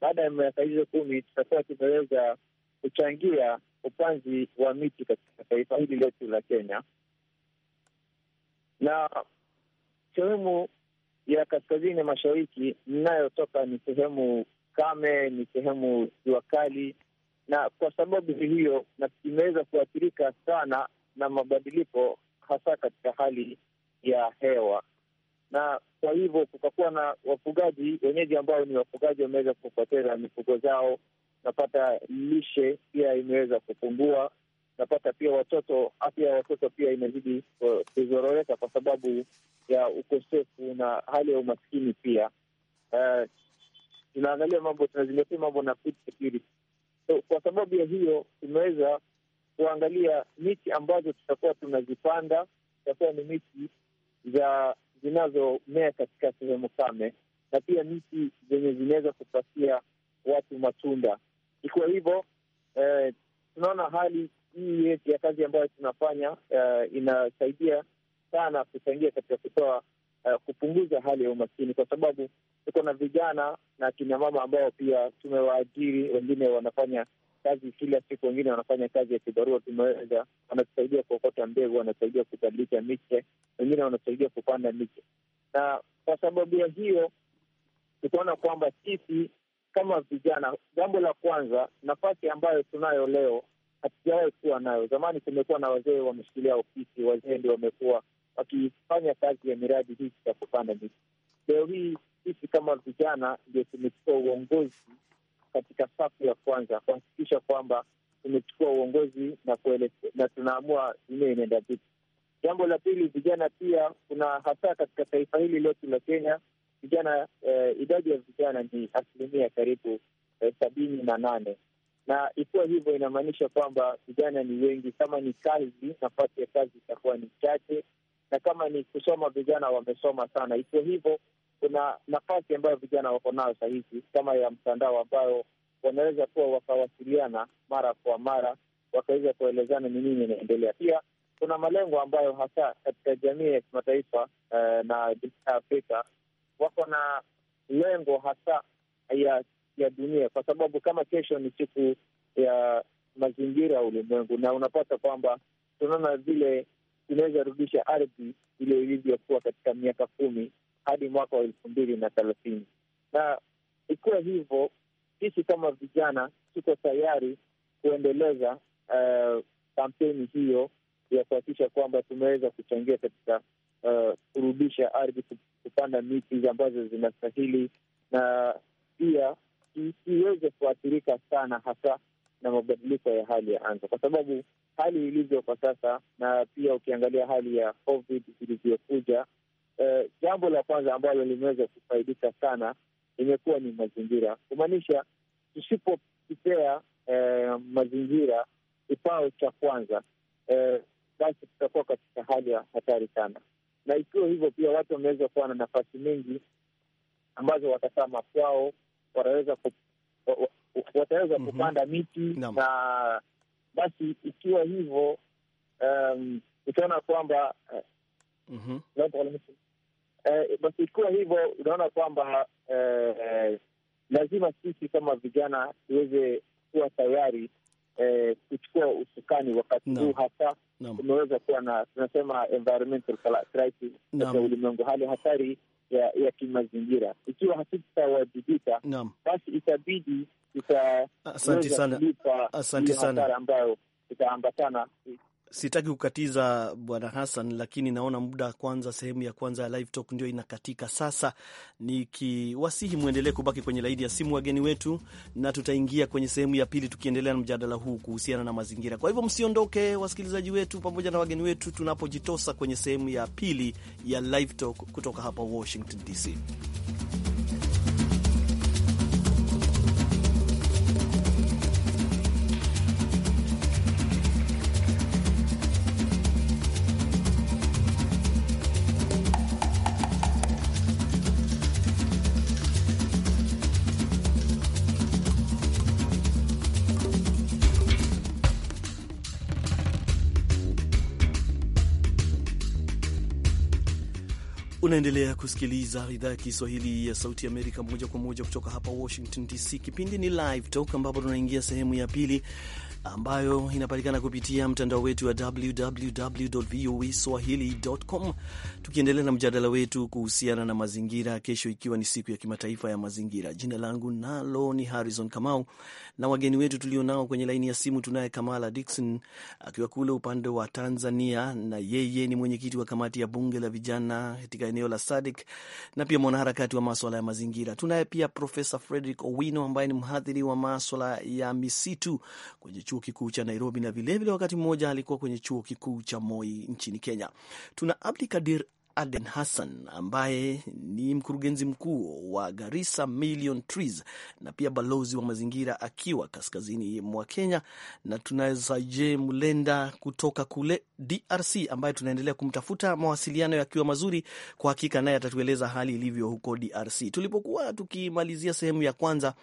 baada ya miaka hizo kumi tutakuwa tumeweza kuchangia upanzi wa miti katika taifa hili letu la Kenya na sehemu ya kaskazini mashariki mnayotoka ni sehemu kame, ni sehemu jua kali, na kwa sababu hiyo na imeweza kuathirika sana na mabadiliko, hasa katika hali ya hewa, na kwa hivyo kukakuwa na wafugaji wenyeji ambao ni wafugaji wameweza kupoteza mifugo zao, napata lishe pia imeweza kupungua Napata pia watoto, afya ya watoto pia imezidi uh, kuzororeka kwa sababu ya ukosefu na hali ya umaskini pia. Uh, tunaangalia mambo, tunazingatia mambo na food security. So, kwa sababu ya hiyo tumeweza kuangalia miti ambazo tutakuwa tunazipanda, tutakuwa ni miti za zinazomea katika sehemu kame na pia miti zenye zinaweza kupatia watu matunda. Ikiwa hivyo, eh, tunaona hali hii yetu ya kazi ambayo tunafanya uh, inasaidia sana kuchangia katika kutoa uh, kupunguza hali ya umaskini, kwa sababu tuko na vijana na kina mama ambao pia tumewaajiri. Wengine wanafanya kazi kila siku, wengine wanafanya kazi ya kibarua. Tumeweza, wanatusaidia kuokota mbegu, wanasaidia kubadilisha miche, wengine wanasaidia kupanda miche, na kwa sababu ya hiyo tukaona kwamba sisi kama vijana, jambo la kwanza, nafasi ambayo tunayo leo hatujawahi kuwa nayo. Zamani tumekuwa na wazee wameshikilia ofisi, wazee ndio wamekuwa wakifanya kazi ya miradi hii ya kupanda miti. Leo hii sisi kama vijana ndio tumechukua uongozi katika safu ya kwanza kuhakikisha kwamba tumechukua uongozi na na tunaamua dunia inaenda vipi. Jambo la pili, vijana pia, kuna hasa katika taifa hili letu la Kenya vijana eh, idadi ya vijana ni asilimia karibu eh, sabini na nane na ikiwa hivyo inamaanisha kwamba vijana ni wengi. Kama ni kazi, nafasi ya kazi itakuwa ni chache, na kama ni kusoma, vijana wamesoma sana. Ikiwa hivyo, kuna nafasi ambayo vijana wako nayo sahizi, kama ya mtandao, ambayo wanaweza kuwa wakawasiliana mara kwa mara, wakaweza kuelezana ni nini inaendelea. Pia kuna malengo ambayo hasa katika jamii ya kimataifa eh, na Afrika wako na lengo hasa ya ya dunia, kwa sababu kama kesho ni siku ya mazingira ya ulimwengu, na unapata kwamba tunaona vile tunaweza rudisha ardhi vile ilivyokuwa katika miaka kumi hadi mwaka wa elfu mbili na thelathini. Na ikiwa hivyo, sisi kama vijana tuko tayari kuendeleza uh, kampeni hiyo ya kuhakikisha kwamba tumeweza kuchangia katika uh, kurudisha ardhi, kupanda miti ambazo zinastahili na pia isiweze kuathirika sana hasa na mabadiliko ya hali ya anga, kwa sababu hali ilivyo kwa sasa na pia ukiangalia hali ya COVID ilivyokuja, eh, jambo la kwanza ambalo limeweza kufaidika sana imekuwa ni mazingira, kumaanisha tusipopipea eh, mazingira kipao cha kwanza eh, basi tutakuwa katika hali ya hatari sana, na ikiwa hivyo pia watu wameweza kuwa na nafasi mingi ambazo watakaa makwao wataweza wataweza kupanda mm -hmm. kupanda miti no. na basi ikiwa hivyo um, utaona kwamba mm -hmm. uh, basi ikiwa hivyo unaona kwamba uh, lazima sisi kama vijana tuweze kuwa tayari uh, kuchukua usukani wakati huu no. hasa no. tumeweza kuwa na tunasema environmental crisis no. ulimwengu, hali hatari ya, ya kimazingira. Ikiwa hatutawajibika, basi itabidi tutaweza kulipa ambayo itaambatana Sitaki kukatiza bwana Hassan, lakini naona muda kwanza, sehemu ya kwanza ya live talk ndio inakatika sasa, nikiwasihi mwendelee kubaki kwenye laidi ya simu wageni wetu, na tutaingia kwenye sehemu ya pili tukiendelea na mjadala huu kuhusiana na mazingira. Kwa hivyo msiondoke, wasikilizaji wetu pamoja na wageni wetu, tunapojitosa kwenye sehemu ya pili ya live talk kutoka hapa Washington DC. Unaendelea kusikiliza idhaa ya Kiswahili ya Sauti ya Amerika moja kwa moja kutoka hapa Washington DC. Kipindi ni Live Talk, ambapo tunaingia sehemu ya pili ambayo inapatikana kupitia mtandao wetu wa www www.voaswahili.com, tukiendelea na mjadala wetu kuhusiana na mazingira, kesho ikiwa ni siku ya kimataifa ya mazingira. Jina langu nalo ni Harrison Kamau na wageni wetu tulionao kwenye laini ya simu, tunaye Kamala Dixon akiwa kule upande wa Tanzania, na yeye ni mwenyekiti wa kamati ya bunge la vijana katika eneo la Sadik na pia mwanaharakati wa maswala ya mazingira. Tunaye pia Profesa Frederick Owino ambaye ni mhadhiri wa maswala ya misitu kwenye chuo chuo kikuu cha Nairobi na vilevile wakati mmoja alikuwa kwenye chuo kikuu cha Moi nchini Kenya. Tuna Abdi Kadir Aden Hassan ambaye ni mkurugenzi mkuu wa Garissa Million Trees na pia balozi wa mazingira akiwa kaskazini mwa Kenya, na tunazaje Mulenda kutoka kule DRC ambaye tunaendelea kumtafuta, mawasiliano yakiwa mazuri. Kwa hakika naye atatueleza hali ilivyo huko DRC. Tulipokuwa tukimalizia sehemu ya kwanza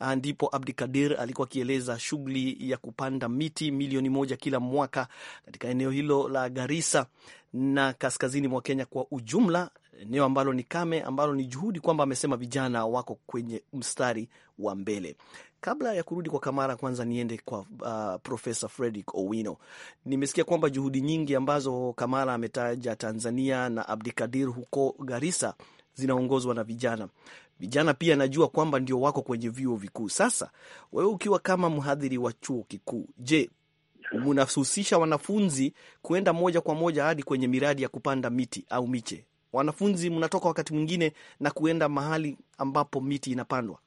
Ah, ndipo Abdikadir alikuwa akieleza shughuli ya kupanda miti milioni moja kila mwaka katika eneo hilo la Garissa na kaskazini mwa Kenya kwa ujumla, eneo ambalo ni kame, ambalo ni juhudi kwamba amesema vijana wako kwenye mstari wa mbele. Kabla ya kurudi kwa Kamara, kwanza niende kwa uh, ah, Profesa Fredrick Owino. Nimesikia kwamba juhudi nyingi ambazo Kamara ametaja Tanzania na Abdikadir huko garisa zinaongozwa na vijana. Vijana pia najua kwamba ndio wako kwenye vyuo vikuu. Sasa wewe ukiwa kama mhadhiri wa chuo kikuu, je, mnahusisha wanafunzi kuenda moja kwa moja hadi kwenye miradi ya kupanda miti au miche? Wanafunzi mnatoka wakati mwingine na kuenda mahali ambapo miti inapandwa?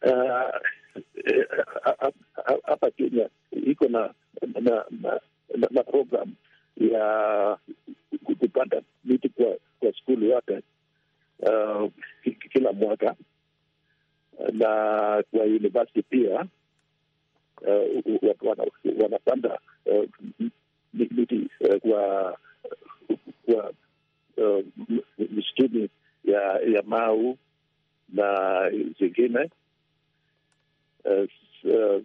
Eh, eh, eh, hapa Kenya iko na na program ya kupanda miti kwa, kwa skulu yote uh, kila mwaka na kwa university pia uh, wanapanda wana uh, miti uh, kwa kwa uh, msituni ya, ya Mau na zingine uh, uh,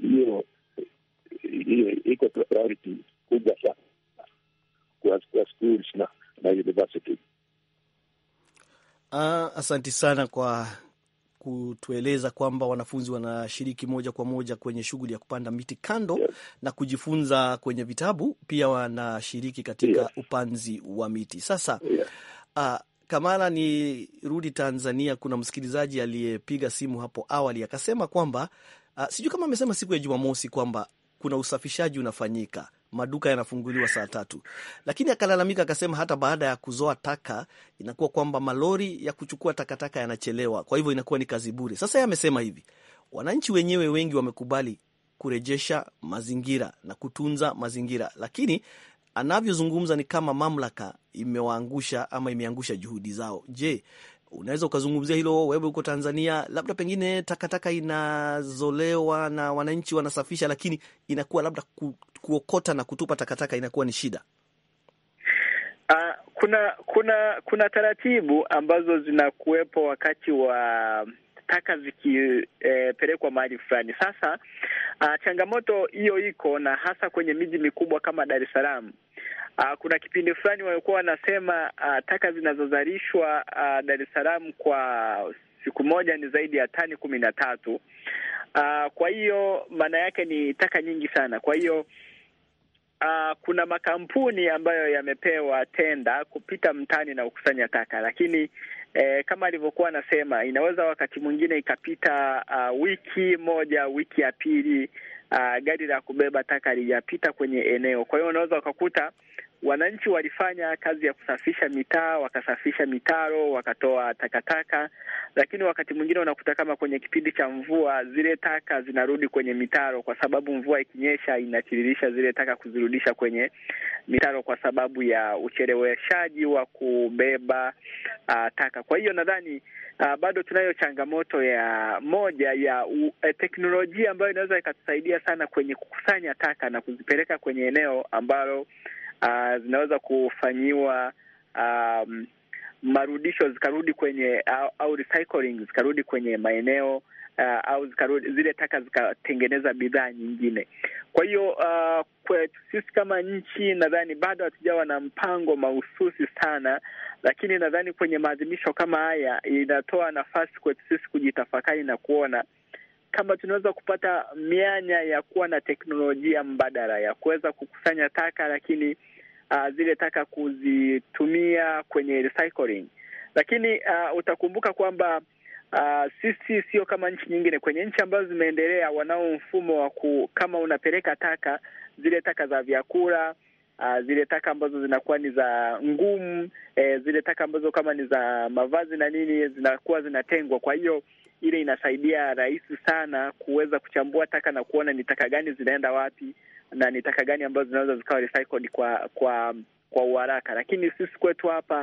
hiyo uh, iko priority kuja kwa schools na, na university. Ah, asanti sana kwa kutueleza kwamba wanafunzi wanashiriki moja kwa moja kwenye shughuli ya kupanda miti kando yes, na kujifunza kwenye vitabu pia wanashiriki katika yes, upanzi wa miti sasa yes. Uh, Kamala, ni rudi Tanzania. Kuna msikilizaji aliyepiga simu hapo awali akasema kwamba uh, sijui kama amesema siku ya Jumamosi kwamba kuna usafishaji unafanyika maduka yanafunguliwa saa tatu, lakini akalalamika akasema hata baada ya kuzoa taka inakuwa kwamba malori ya kuchukua takataka yanachelewa, kwa hivyo inakuwa ni kazi bure. Sasa yeye amesema hivi, wananchi wenyewe wengi wamekubali kurejesha mazingira na kutunza mazingira, lakini anavyozungumza ni kama mamlaka imewaangusha ama imeangusha juhudi zao. Je, unaweza ukazungumzia hilo wewe, huko Tanzania, labda pengine takataka inazolewa na wananchi wanasafisha, lakini inakuwa labda ku, kuokota na kutupa takataka inakuwa ni shida. Uh, kuna kuna kuna taratibu ambazo zinakuwepo wakati wa taka zikipelekwa e, mahali fulani. Sasa uh, changamoto hiyo iko na hasa kwenye miji mikubwa kama Dar es Salaam Uh, kuna kipindi fulani walikuwa wanasema uh, taka zinazozalishwa uh, Dar es Salaam kwa siku moja ni zaidi ya tani kumi na tatu. Uh, kwa hiyo maana yake ni taka nyingi sana. Kwa hiyo uh, kuna makampuni ambayo yamepewa tenda kupita mtani na kukusanya taka, lakini eh, kama alivyokuwa anasema inaweza wakati mwingine ikapita uh, wiki moja, wiki ya pili Uh, gari la kubeba taka lijapita kwenye eneo, kwa hiyo unaweza ukakuta wananchi walifanya kazi ya kusafisha mitaa, wakasafisha mitaro, wakatoa takataka, lakini wakati mwingine unakuta kama kwenye kipindi cha mvua zile taka zinarudi kwenye mitaro, kwa sababu mvua ikinyesha inatiririsha zile taka kuzirudisha kwenye mitaro, kwa sababu ya ucheleweshaji wa kubeba uh, taka. Kwa hiyo nadhani uh, bado tunayo changamoto ya moja ya uh, teknolojia ambayo inaweza ikatusaidia sana kwenye kukusanya taka na kuzipeleka kwenye eneo ambalo uh, zinaweza kufanyiwa um, marudisho zikarudi kwenye au, au recycling zikarudi kwenye maeneo uh, au zikarudi, zile taka zikatengeneza bidhaa nyingine. Kwa hiyo uh, kwetu sisi kama nchi nadhani bado hatujawa na mpango mahususi sana, lakini nadhani kwenye maadhimisho kama haya inatoa nafasi kwetu sisi kujitafakari na kuona kama tunaweza kupata mianya ya kuwa na teknolojia mbadala ya kuweza kukusanya taka, lakini uh, zile taka kuzitumia kwenye recycling. Lakini uh, utakumbuka kwamba uh, sisi sio kama nchi nyingine. Kwenye nchi ambazo zimeendelea, wanao mfumo wa ku, kama unapeleka taka zile taka za vyakula Uh, zile taka ambazo zinakuwa ni za ngumu eh, zile taka ambazo kama ni za mavazi na nini zinakuwa zinatengwa. Kwa hiyo ile inasaidia rahisi sana kuweza kuchambua taka na kuona ni taka gani zinaenda wapi na ni taka gani ambazo zinaweza zikawa recycled kwa kwa kwa uharaka. Lakini sisi kwetu hapa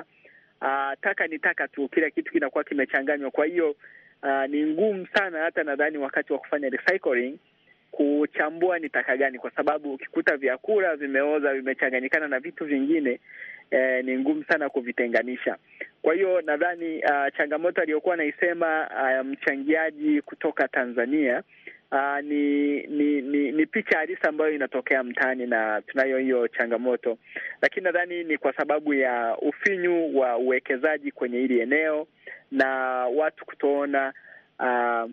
uh, taka ni taka tu, kila kitu kinakuwa kimechanganywa. Kwa hiyo uh, ni ngumu sana, hata nadhani wakati wa kufanya recycling kuchambua ni taka gani, kwa sababu ukikuta vyakula vimeoza vimechanganyikana na vitu vingine, eh, ni ngumu sana kuvitenganisha. Kwa hiyo nadhani uh, changamoto aliyokuwa anaisema uh, mchangiaji kutoka Tanzania uh, ni, ni ni ni picha halisi ambayo inatokea mtaani na tunayo hiyo changamoto, lakini nadhani ni kwa sababu ya ufinyu wa uwekezaji kwenye hili eneo na watu kutoona uh,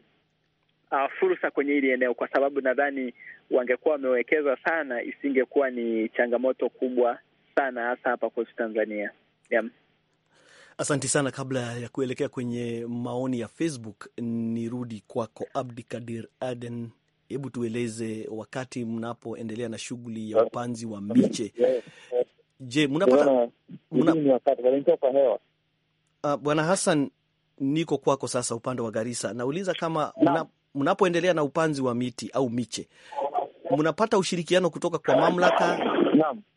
Uh, fursa kwenye hili eneo kwa sababu nadhani wangekuwa wamewekeza sana, isingekuwa ni changamoto kubwa sana hasa hapa kwetu Tanzania yeah. Asanti sana. Kabla ya kuelekea kwenye maoni ya Facebook, nirudi kwako Abdi Kadir Aden. Hebu tueleze, wakati mnapoendelea na shughuli ya upanzi wa miche, je, mnapata ah, Bwana Hassan, niko kwako sasa upande wa Garissa, nauliza kama mnapoendelea na upanzi wa miti au miche, mnapata ushirikiano kutoka kwa mamlaka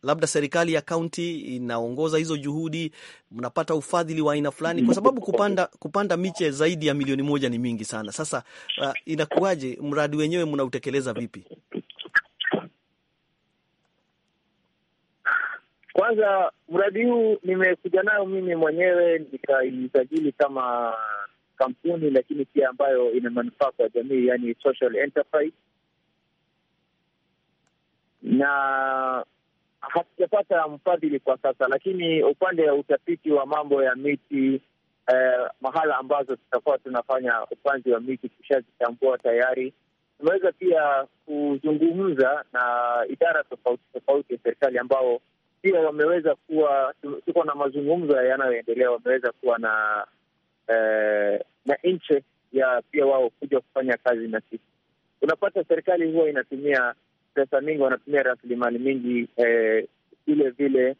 Labda serikali ya kaunti inaongoza hizo juhudi, mnapata ufadhili wa aina fulani, kwa sababu kupanda kupanda miche zaidi ya milioni moja ni mingi sana. Sasa uh, inakuwaje mradi wenyewe mnautekeleza vipi? Kwanza mradi huu nimekuja nayo mimi mwenyewe nikaisajili kama kampuni, lakini pia ambayo ina manufaa kwa jamii, yani social enterprise na hatujapata mfadhili kwa sasa, lakini upande wa utafiti wa mambo ya miti eh, mahala ambazo tutakuwa tunafanya upanzi wa miti tushazitambua tayari. Tumeweza pia kuzungumza na idara tofauti tofauti ya serikali ambao pia wameweza kuwa, tuko na mazungumzo yanayoendelea, wameweza kuwa na eh, na interest ya pia wao kuja kufanya kazi na sisi. Unapata serikali huwa inatumia pesa mingi, wanatumia rasilimali mingi eh, vile eh, vile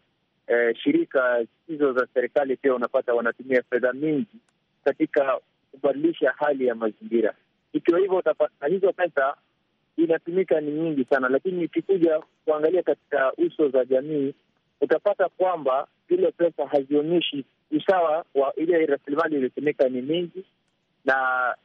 eh, shirika hizo za serikali pia unapata wanatumia fedha mingi katika kubadilisha hali ya mazingira. Ikiwa hivyo, utapata hizo pesa inatumika ni nyingi sana, lakini ikikuja kuangalia katika uso za jamii utapata kwamba zile pesa hazionyeshi usawa wa ile rasilimali iliyotumika ni mingi na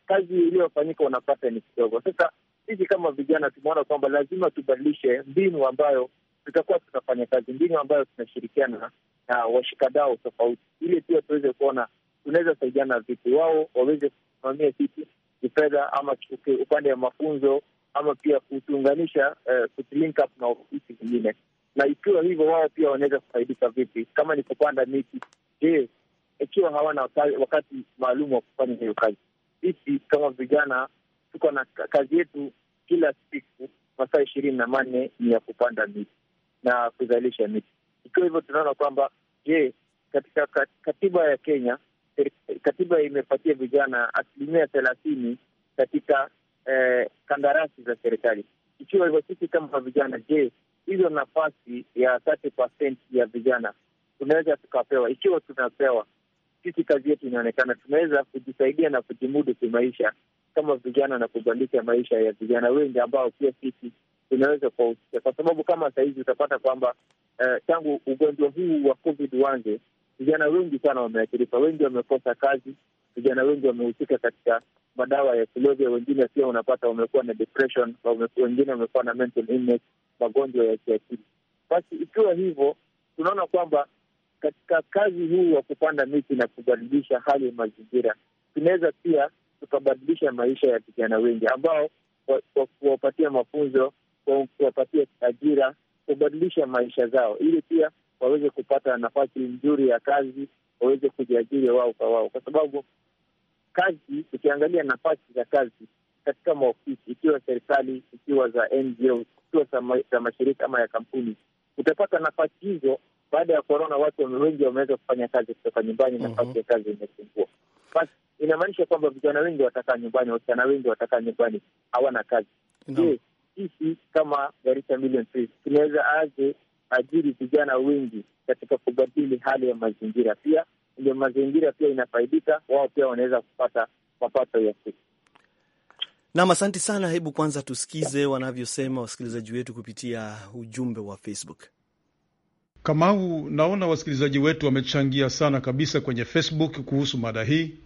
kazi iliyofanyika unapata ni kidogo. Sasa sisi kama vijana tumeona kwamba lazima tubadilishe mbinu ambayo tutakuwa tunafanya kazi, mbinu ambayo tunashirikiana na washikadau tofauti, ili pia tuweze kuona tunaweza saidiana vipi, wao waweze kusimamia sisi kifedha, ama upande ya mafunzo, ama pia kutuunganisha, uh, eh, kutlink up na ofisi zingine, na ikiwa hivyo wao pia wanaweza kufaidika vipi, kama ni kupanda miti. Je, ikiwa hawana wakati maalum wa kufanya hiyo kazi, sisi kama vijana tuko na kazi yetu kila siku masaa ishirini na manne ni ya kupanda miti na kuzalisha miti. Ikiwa hivyo, tunaona kwamba je, katika katiba ya Kenya, eh, katiba imepatia vijana asilimia thelathini katika eh, kandarasi za serikali. Ikiwa hivyo, sisi kama vijana, je, hizo nafasi ya 30% ya vijana tunaweza tukapewa? Ikiwa tunapewa, sisi kazi yetu inaonekana tunaweza kujisaidia na kujimudu kimaisha kama vijana na kubadilisha maisha ya vijana wengi ambao pia sisi tunaweza kuwahusisha, kwa sababu kama sahizi utapata kwamba eh, tangu ugonjwa huu wa COVID uanze, vijana wengi sana wameathirika, wengi wamekosa kazi, vijana wengi wamehusika katika madawa ya kulevya, wengine pia unapata wamekuwa na depression, wengine wamekuwa na mental illness, magonjwa ya kiakili. Basi ikiwa hivyo, tunaona kwamba katika kazi huu wa kupanda miti na kubadilisha hali ya mazingira tunaweza pia tukabadilisha maisha ya vijana wengi ambao kuwapatia mafunzo, kuwapatia ajira, kubadilisha maisha zao, ili pia waweze kupata nafasi nzuri ya kazi, waweze kujiajiri wao kwa wao, kwa sababu kazi, ukiangalia nafasi za kazi katika maofisi, ikiwa serikali, ikiwa za NGO, ikiwa za mashirika ama ya kampuni, utapata nafasi hizo. Baada ya korona, watu wengi wameweza kufanya kazi kutoka nyumbani, nafasi mhm. ya kazi imepungua basi inamaanisha kwamba vijana wengi watakaa nyumbani, wasichana wengi watakaa nyumbani, hawana kazi. Je, sisi kama Garissa Million Trees tunaweza aje ajiri vijana wengi katika kubadili hali ya mazingira? Pia ndio mazingira pia inafaidika, wao pia wanaweza kupata mapato ya siku. Nam, asante sana. Hebu kwanza tusikize wanavyosema wasikilizaji wetu kupitia ujumbe wa Facebook. Kamau, naona wasikilizaji wetu wamechangia sana kabisa kwenye Facebook kuhusu mada hii.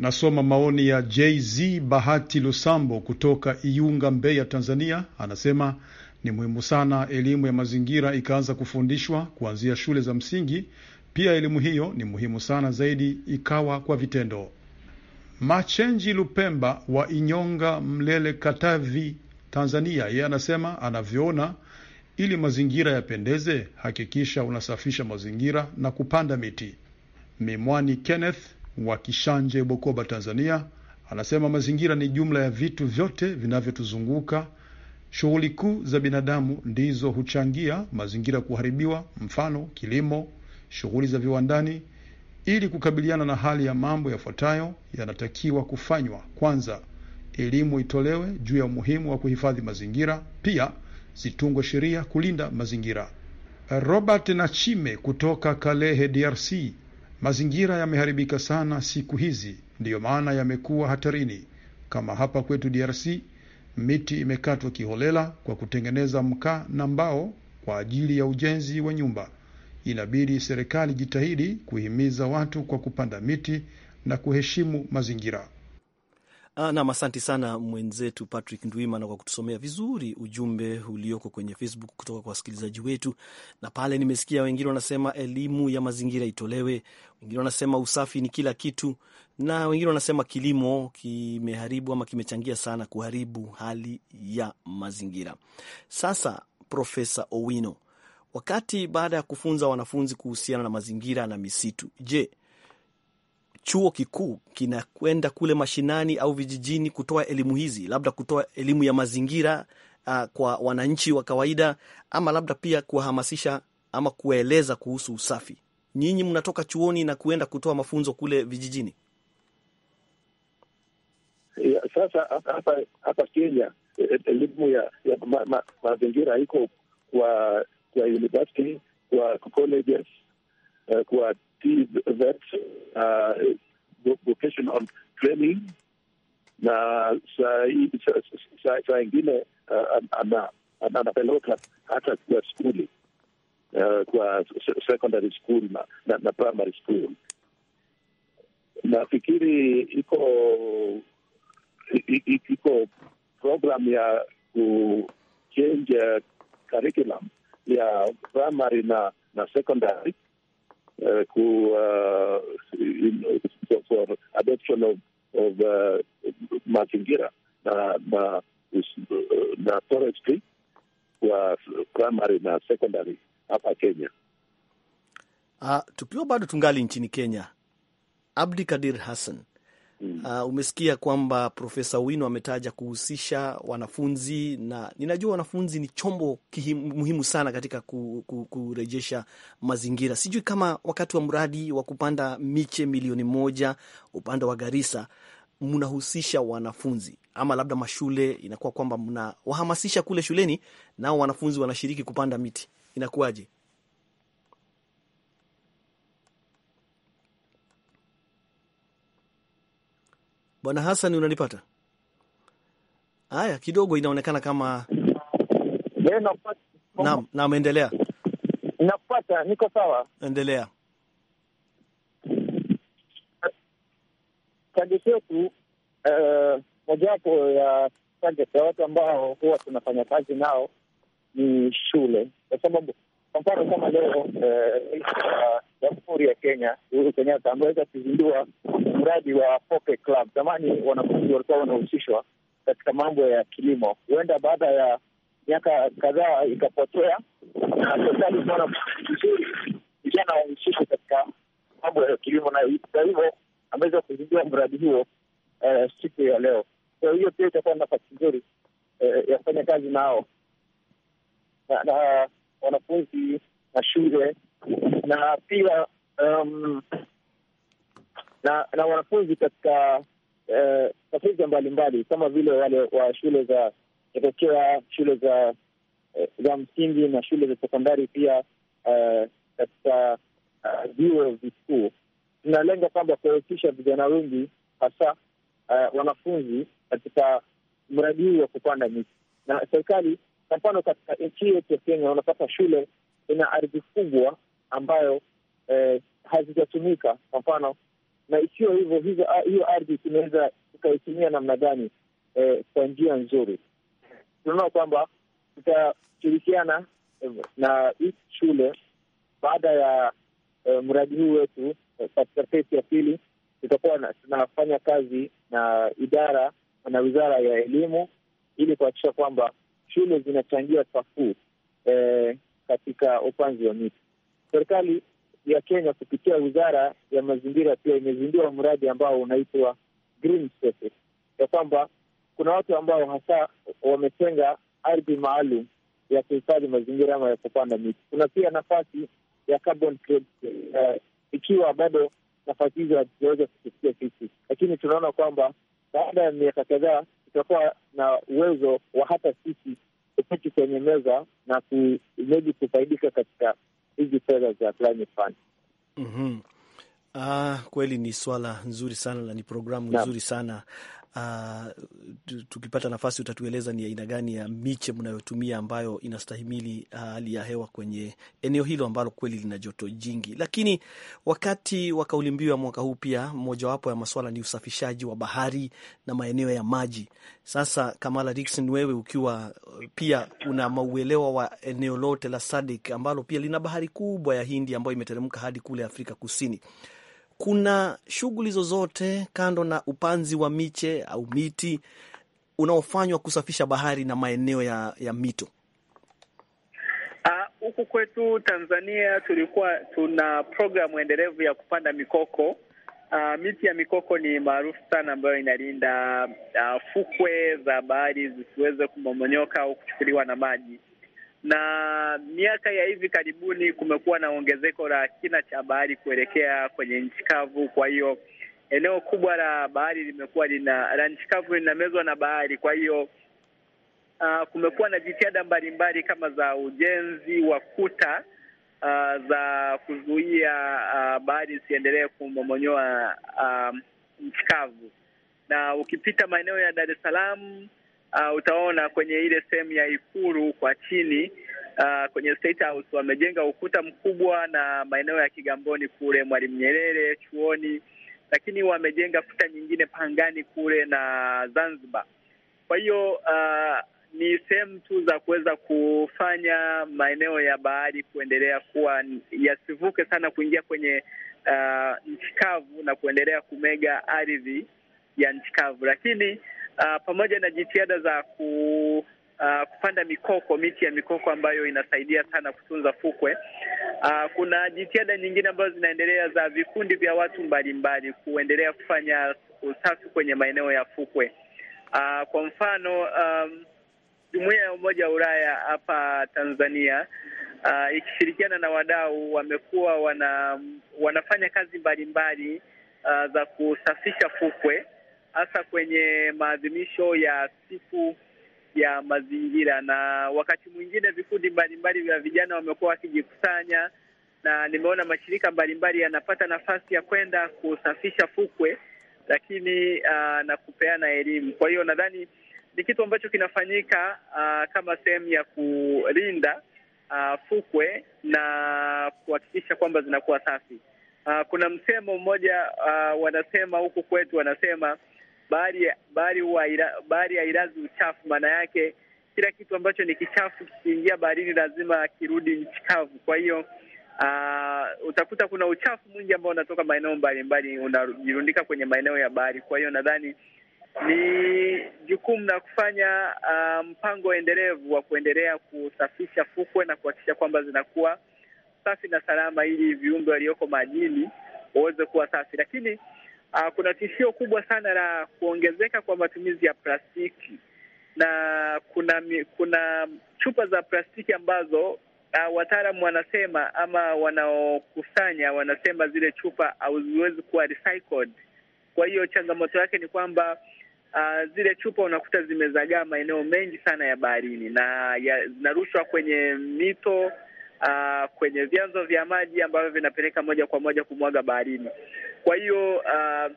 Nasoma maoni ya JZ Bahati Lusambo kutoka Iunga, Mbeya, Tanzania. Anasema ni muhimu sana elimu ya mazingira ikaanza kufundishwa kuanzia shule za msingi. Pia elimu hiyo ni muhimu sana zaidi ikawa kwa vitendo. Machenji Lupemba wa Inyonga, Mlele, Katavi, Tanzania, yeye anasema anavyoona, ili mazingira yapendeze, hakikisha unasafisha mazingira na kupanda miti. Mimwani Kenneth wa Kishanje, Bukoba, Tanzania, anasema mazingira ni jumla ya vitu vyote vinavyotuzunguka. Shughuli kuu za binadamu ndizo huchangia mazingira kuharibiwa, mfano kilimo, shughuli za viwandani. Ili kukabiliana na hali ya mambo yafuatayo yanatakiwa kufanywa: kwanza, elimu itolewe juu ya umuhimu wa kuhifadhi mazingira, pia zitungwe sheria kulinda mazingira. Robert Nachime kutoka Kalehe, DRC, Mazingira yameharibika sana siku hizi, ndiyo maana yamekuwa hatarini. Kama hapa kwetu DRC, miti imekatwa kiholela kwa kutengeneza mkaa na mbao kwa ajili ya ujenzi wa nyumba. Inabidi serikali jitahidi kuhimiza watu kwa kupanda miti na kuheshimu mazingira. Ah, Nam, asante sana mwenzetu Patrick Ndwimana kwa kutusomea vizuri ujumbe ulioko kwenye Facebook kutoka kwa wasikilizaji wetu. Na pale nimesikia wengine wanasema elimu ya mazingira itolewe, wengine wanasema usafi ni kila kitu, na wengine wanasema kilimo kimeharibu ama kimechangia sana kuharibu hali ya mazingira. Sasa Profesa Owino, wakati baada ya kufunza wanafunzi kuhusiana na mazingira na misitu, je, chuo kikuu kinakwenda kule mashinani au vijijini kutoa elimu hizi, labda kutoa elimu ya mazingira uh, kwa wananchi wa kawaida, ama labda pia kuwahamasisha ama kuwaeleza kuhusu usafi? Nyinyi mnatoka chuoni na kuenda kutoa mafunzo kule vijijini? Ya, sasa hapa hapa Kenya e, e, elimu ya, ya mazingira ma, ma iko kwa kwa university kwa colleges Uh, who are kuwatii vet uh, vocation on training na uh, saa ingine uh, anapeleka hata kwa skuli kwa secondary school na, na, na primary school. Nafikiri iko iko program ya change curriculum ya primary na na secondary uh, ku uh, for, adoption of, of uh, mazingira na na, na forestry kwa primary na secondary hapa Kenya. Uh, tukiwa bado tungali nchini Kenya, Abdi Kadir Hassan Uh, umesikia kwamba Profesa Wino ametaja kuhusisha wanafunzi na ninajua wanafunzi ni chombo muhimu sana katika ku, ku, kurejesha mazingira. Sijui kama wakati wa mradi wa kupanda miche milioni moja upande wa Garissa mnahusisha wanafunzi ama labda mashule, inakuwa kwamba mnawahamasisha kule shuleni, nao wanafunzi wanashiriki kupanda miti, inakuwaje? Bwana Hassan, unanipata? Haya, kidogo inaonekana kama naam. Naam, endelea. Nakupata, niko sawa, endelea. Target yetu uh, eh, mojawapo ya target ya watu ambao huwa tunafanya kazi nao ni shule, kwa sababu kwa mfano kama leo rais eh, wa jamhuri ya Kenya Uhuru Kenyatta ameweza kuzindua mradi wa Poke Club. Zamani wanafunzi walikuwa wanahusishwa katika mambo ya kilimo, huenda baada ya miaka kadhaa ikapotea na serikali kuona vizuri vijana wahusishwe katika mambo ya kilimo, na kwa hivyo ameweza kuzindua mradi huo eh, siku ya leo. Kwa hiyo pia itakuwa nafasi nzuri eh, yafanya kazi nao na wanafunzi na shule na pia um, na na wanafunzi katika eh, tafiza uh, mbalimbali kama vile wale wa shule za chekechea, shule za eh, za msingi na shule za sekondari pia uh, katika vyuo uh, vikuu. Tunalenga kwamba kuwahusisha vijana wengi hasa uh, wanafunzi katika mradi huu wa kupanda miti, na serikali kwa mfano, katika nchi yetu ya Kenya unapata shule ina ardhi kubwa ambayo eh, hazijatumika kwa mfano, na ikiwa hivyo ah, hiyo ardhi tunaweza tukaitumia namna gani? Eh, kwa njia nzuri, tunaona kwamba tutashirikiana eh, na hii shule baada ya eh, mradi huu wetu eh, katika pesi ya pili tutakuwa tunafanya kazi na idara na wizara ya elimu ili kuhakikisha kwamba shule zinachangia pafuu eh, katika upanzi wa miti. Serikali ya Kenya kupitia wizara ya mazingira pia imezindua mradi ambao unaitwa Green Spaces, ya kwamba kuna watu ambao hasa wametenga ardhi maalum ya kuhifadhi mazingira ama ya kupanda miti. Kuna pia nafasi ya carbon credit, eh, ikiwa bado nafasi hizo hazijaweza kufikia sisi, lakini tunaona kwamba baada ya miaka kadhaa tutakuwa na uwezo wa hata sisi kuketi kwenye meza na kumeji kufaidika katika hizi fedha za climate fund. Mm -hmm. Ah, kweli ni swala nzuri sana na ni programu nzuri sana Uh, tukipata nafasi utatueleza ni aina gani ya miche mnayotumia ambayo inastahimili ah, hali uh, ya hewa kwenye eneo hilo ambalo kweli lina joto jingi. Lakini wakati wa kauli mbiu ya mwaka huu pia mojawapo ya maswala ni usafishaji wa bahari na maeneo ya maji. Sasa Kamala Dixon, wewe ukiwa pia una mauelewa wa eneo lote la Sadik ambalo pia lina bahari kubwa ya Hindi ambayo imeteremka hadi kule Afrika Kusini kuna shughuli zozote kando na upanzi wa miche au miti unaofanywa kusafisha bahari na maeneo ya, ya mito? Ah, huku kwetu Tanzania tulikuwa tuna programu endelevu ya kupanda mikoko. Uh, miti ya mikoko ni maarufu sana, ambayo inalinda uh, fukwe za bahari zisiweze kumomonyoka au kuchukuliwa na maji na miaka ya hivi karibuni kumekuwa na ongezeko la kina cha bahari kuelekea kwenye nchi kavu. Kwa hiyo eneo kubwa la bahari limekuwa lina la nchi kavu linamezwa na bahari. Kwa hiyo uh, kumekuwa na jitihada mbalimbali kama za ujenzi wa kuta uh, za kuzuia uh, bahari isiendelee kumomonyoa uh, nchi kavu, na ukipita maeneo ya Dar es Salaam uh, utaona kwenye ile sehemu ya Ikulu kwa chini uh, kwenye State House wamejenga ukuta mkubwa na maeneo ya Kigamboni kule Mwalimu Nyerere chuoni, lakini wamejenga kuta nyingine Pangani kule na Zanzibar. Kwa hiyo uh, ni sehemu tu za kuweza kufanya maeneo ya bahari kuendelea kuwa yasivuke sana kuingia kwenye uh, nchi kavu na kuendelea kumega ardhi ya nchi kavu, lakini uh, pamoja na jitihada za ku, uh, kupanda mikoko, miti ya mikoko ambayo inasaidia sana kutunza fukwe. Uh, kuna jitihada nyingine ambazo zinaendelea za vikundi vya watu mbalimbali kuendelea kufanya usafi kwenye maeneo ya fukwe. Uh, kwa mfano um, Jumuiya ya Umoja wa Ulaya hapa Tanzania uh, ikishirikiana na wadau wamekuwa wana, wanafanya kazi mbalimbali uh, za kusafisha fukwe hasa kwenye maadhimisho ya siku ya mazingira, na wakati mwingine vikundi mbalimbali vya vijana wamekuwa wakijikusanya, na nimeona mashirika mbalimbali yanapata nafasi ya kwenda kusafisha fukwe, lakini uh, na kupeana elimu. Kwa hiyo nadhani ni kitu ambacho kinafanyika uh, kama sehemu ya kulinda uh, fukwe na kuhakikisha kwamba zinakuwa safi. Uh, kuna msemo mmoja uh, wanasema huku kwetu wanasema bahari hairazi uchafu. Maana yake kila kitu ambacho ni kichafu kikiingia baharini lazima kirudi nchi kavu. Kwa hiyo uh, utakuta kuna uchafu mwingi ambao unatoka maeneo mbalimbali unajirundika kwenye maeneo ya bahari. Kwa hiyo nadhani ni jukumu la kufanya uh, mpango endelevu wa kuendelea kusafisha fukwe na kuhakikisha kwamba zinakuwa safi na salama, ili viumbe walioko majini waweze kuwa safi. Lakini Uh, kuna tishio kubwa sana la kuongezeka kwa matumizi ya plastiki na kuna kuna chupa za plastiki ambazo uh, wataalamu wanasema ama wanaokusanya wanasema zile chupa haziwezi kuwa recycled. Kwa hiyo changamoto yake ni kwamba uh, zile chupa unakuta zimezagaa maeneo mengi sana ya baharini na zinarushwa kwenye mito uh, kwenye vyanzo vya maji ambavyo vinapeleka moja kwa moja kumwaga baharini. Kwa hiyo uh,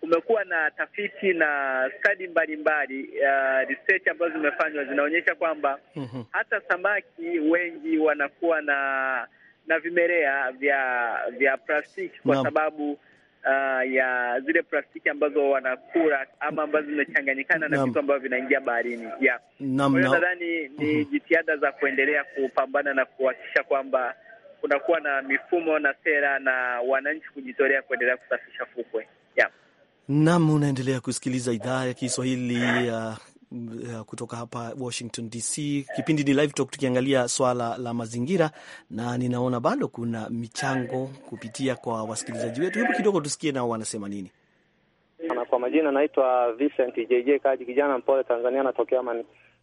kumekuwa na tafiti na stadi mbalimbali uh, research ambazo zimefanywa zinaonyesha kwamba mm -hmm. hata samaki wengi wanakuwa na na vimelea vya vya plastiki kwa no. sababu uh, ya zile plastiki ambazo wanakula ama ambazo zimechanganyikana na vitu ambavyo vinaingia baharini. Yeah. nadhani ni mhm. jitihada za kuendelea kupambana na kuhakikisha kwamba kunakuwa na mifumo na sera na wananchi kujitolea kuendelea kusafisha fukwe. Yeah. Nam, unaendelea kusikiliza idhaa ya Kiswahili ya Eh, kutoka hapa Washington DC. Kipindi ni Live Talk tukiangalia swala la mazingira, na ninaona bado kuna michango kupitia kwa wasikilizaji wetu. Hebu kidogo tusikie nao wanasema nini. Kwa majina naitwa Vincent JJ Kaji, kijana mpole Tanzania, natokea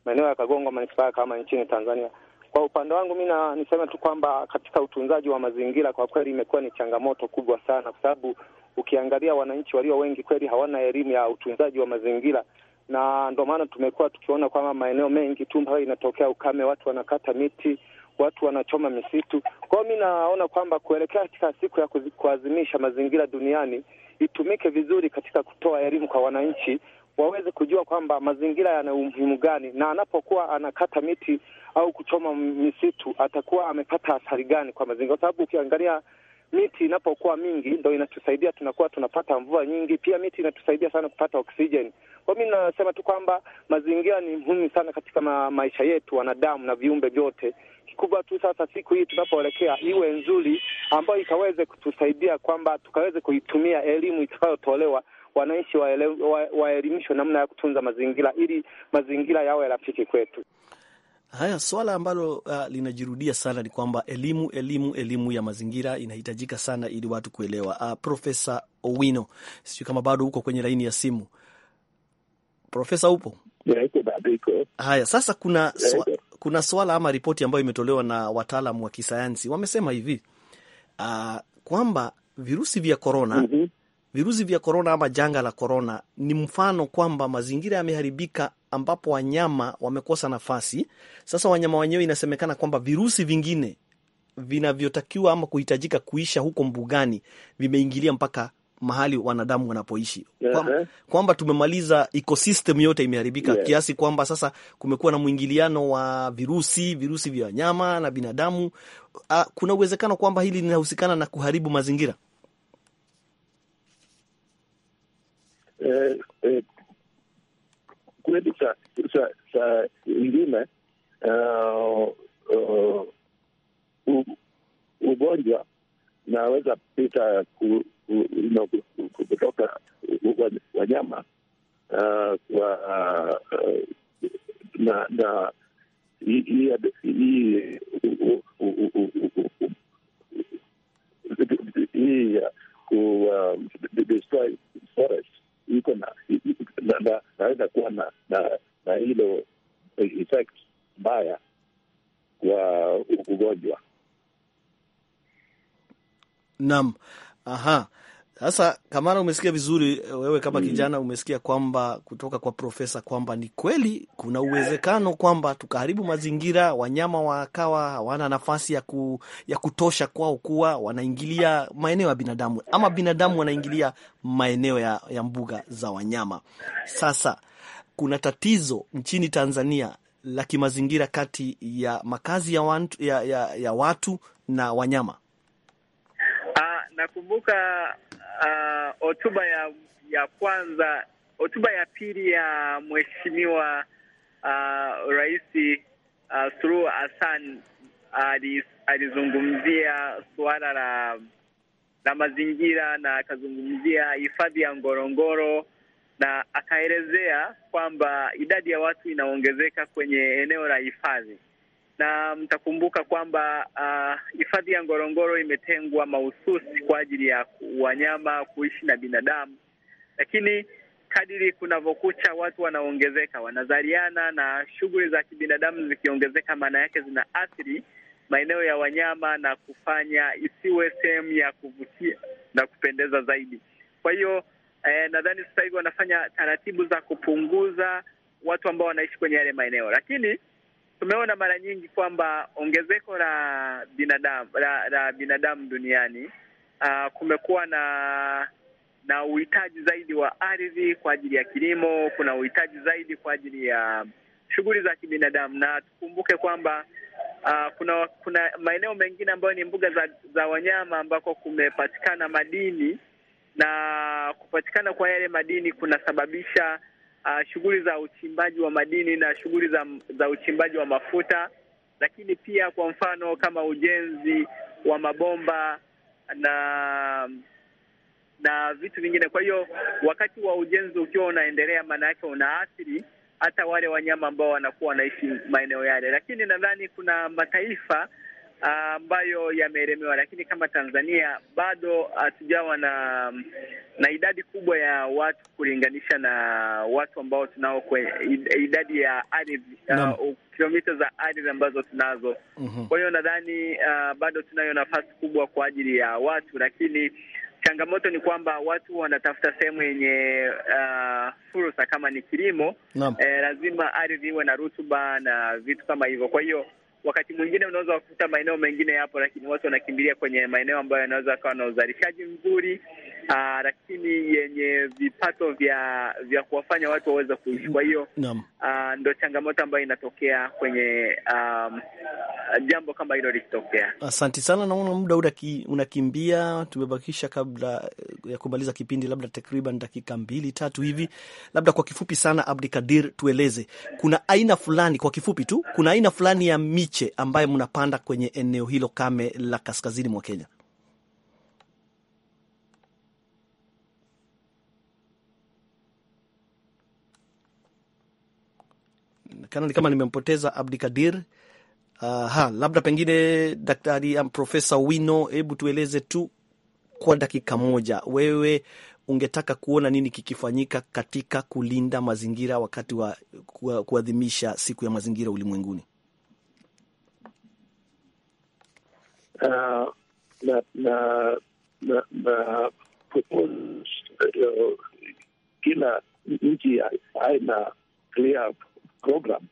maeneo ya Kagongo manispaa kama nchini Tanzania. Kwa upande wangu mi niseme tu kwamba katika utunzaji wa mazingira kwa kweli imekuwa ni changamoto kubwa sana, kwa sababu ukiangalia wananchi walio wengi kweli hawana elimu ya utunzaji wa mazingira na ndio maana tumekuwa tukiona kwamba maeneo mengi tu mpaka inatokea ukame, watu wanakata miti, watu wanachoma misitu. Kwa hiyo mi naona kwamba kuelekea katika siku ya kuadhimisha mazingira duniani itumike vizuri katika kutoa elimu kwa wananchi waweze kujua kwamba mazingira yana umuhimu gani, na anapokuwa anakata miti au kuchoma misitu atakuwa amepata athari gani kwa mazingira, kwa sababu ukiangalia miti inapokuwa mingi ndo inatusaidia, tunakuwa tunapata mvua nyingi. Pia miti inatusaidia sana kupata oksijeni. Kwa mi nasema tu kwamba mazingira ni muhimu sana katika ma maisha yetu wanadamu na viumbe vyote. Kikubwa tu sasa, siku hii tunapoelekea iwe nzuri, ambayo ikaweze kutusaidia kwamba tukaweze kuitumia elimu itakayotolewa wananchi waelimishwe wa, wa namna ya kutunza mazingira ili mazingira yawe rafiki kwetu. Haya, swala ambalo uh, linajirudia sana ni kwamba elimu, elimu, elimu ya mazingira inahitajika sana ili watu kuelewa. Uh, Profesa Owino, sijui kama bado uko kwenye laini ya simu. Profesa, upo? Haya, sasa kuna swa, kuna swala ama ripoti ambayo imetolewa na wataalam wa kisayansi, wamesema hivi uh, kwamba virusi vya korona mm -hmm virusi vya korona ama janga la korona ni mfano kwamba mazingira yameharibika, ambapo wanyama wamekosa nafasi. Sasa wanyama wenyewe, inasemekana kwamba virusi vingine vinavyotakiwa ama kuhitajika kuisha huko mbugani vimeingilia mpaka mahali wanadamu wanapoishi, kwamba uh -huh. kwa tumemaliza ecosystem yote imeharibika, yeah. Kiasi kwamba sasa kumekuwa na mwingiliano wa virusi virusi vya wanyama na binadamu. A, kuna uwezekano kwamba hili linahusikana na kuharibu mazingira eh, eh, kweli saa sa, sa ingine uh, uh, ugonjwa naweza pita ku, ku, no, kutoka wanyama uh, kwa uh, na na hii ku um, destroy forest iko na naweza kuwa na na hilo eh, effect mbaya kwa ugonjwa. Naam, aha. Sasa Kamara, umesikia vizuri wewe kama mm, kijana umesikia kwamba kutoka kwa profesa kwamba ni kweli kuna uwezekano kwamba tukaharibu mazingira, wanyama wakawa hawana nafasi ya, ku, ya kutosha kwao kuwa wanaingilia maeneo ya binadamu ama binadamu wanaingilia maeneo ya, ya mbuga za wanyama. Sasa kuna tatizo nchini Tanzania la kimazingira kati ya makazi ya, wantu, ya, ya, ya watu na wanyama nakumbuka uh, hotuba uh, ya ya kwanza, hotuba ya pili ya mheshimiwa uh, Rais uh, Suluhu Hassan alizungumzia suala la la mazingira na akazungumzia hifadhi ya Ngorongoro na akaelezea kwamba idadi ya watu inaongezeka kwenye eneo la hifadhi na mtakumbuka kwamba ah, hifadhi uh, ya Ngorongoro imetengwa mahususi kwa ajili ya wanyama kuishi na binadamu, lakini kadiri kunavyokucha watu wanaongezeka, wanazaliana, na shughuli za kibinadamu zikiongezeka, maana yake zina athiri maeneo ya wanyama na kufanya isiwe sehemu ya kuvutia na kupendeza zaidi. Kwa hiyo eh, nadhani sasa hivi wanafanya taratibu za kupunguza watu ambao wanaishi kwenye yale maeneo, lakini tumeona mara nyingi kwamba ongezeko la binadamu la, la binadamu duniani uh, kumekuwa na na uhitaji zaidi wa ardhi kwa ajili ya kilimo. Kuna uhitaji zaidi kwa ajili ya shughuli za kibinadamu, na tukumbuke kwamba uh, kuna kuna maeneo mengine ambayo ni mbuga za, za wanyama ambako kumepatikana madini na kupatikana kwa yale madini kunasababisha uh, shughuli za uchimbaji wa madini na shughuli za, za uchimbaji wa mafuta, lakini pia kwa mfano kama ujenzi wa mabomba na na vitu vingine. Kwa hiyo wakati wa ujenzi ukiwa unaendelea, maana yake unaathiri hata wale wanyama ambao wanakuwa wanaishi maeneo yale, lakini nadhani kuna mataifa Ah, ambayo yameelemewa, lakini kama Tanzania bado hatujawa na na idadi kubwa ya watu kulinganisha na watu ambao tunao kwenye idadi ya ardhi uh, kilomita za ardhi ambazo tunazo. Mhm. Kwa hiyo nadhani uh, bado tunayo nafasi kubwa kwa ajili ya watu, lakini changamoto ni kwamba watu wanatafuta sehemu yenye uh, fursa. Kama ni kilimo eh, lazima ardhi iwe na rutuba na vitu kama hivyo, kwa hiyo wakati mwingine unaweza kukuta maeneo mengine yapo, lakini watu wanakimbilia kwenye maeneo ambayo yanaweza kawa na uzalishaji mzuri aa, ah, lakini yenye vipato vya vya kuwafanya watu waweze kuishi. Kwa hiyo ah, ndo changamoto ambayo inatokea kwenye um, jambo kama hilo likitokea. Asante sana, naona muda unakimbia, tumebakisha kabla eh, ya kumaliza kipindi labda takriban dakika mbili tatu hivi. Labda kwa kifupi sana, Abdikadir, tueleze kuna aina fulani, kwa kifupi tu, kuna aina fulani ya michi miche ambayo mnapanda kwenye eneo hilo kame la kaskazini mwa Kenya? kana ni kama nimempoteza Abdikadir. Aha, ah, labda pengine daktari am um, Profesa Wino, hebu tueleze tu kwa dakika moja, wewe ungetaka kuona nini kikifanyika katika kulinda mazingira wakati wa kuadhimisha siku ya mazingira ulimwenguni? na na na na kila nchi awe na clear program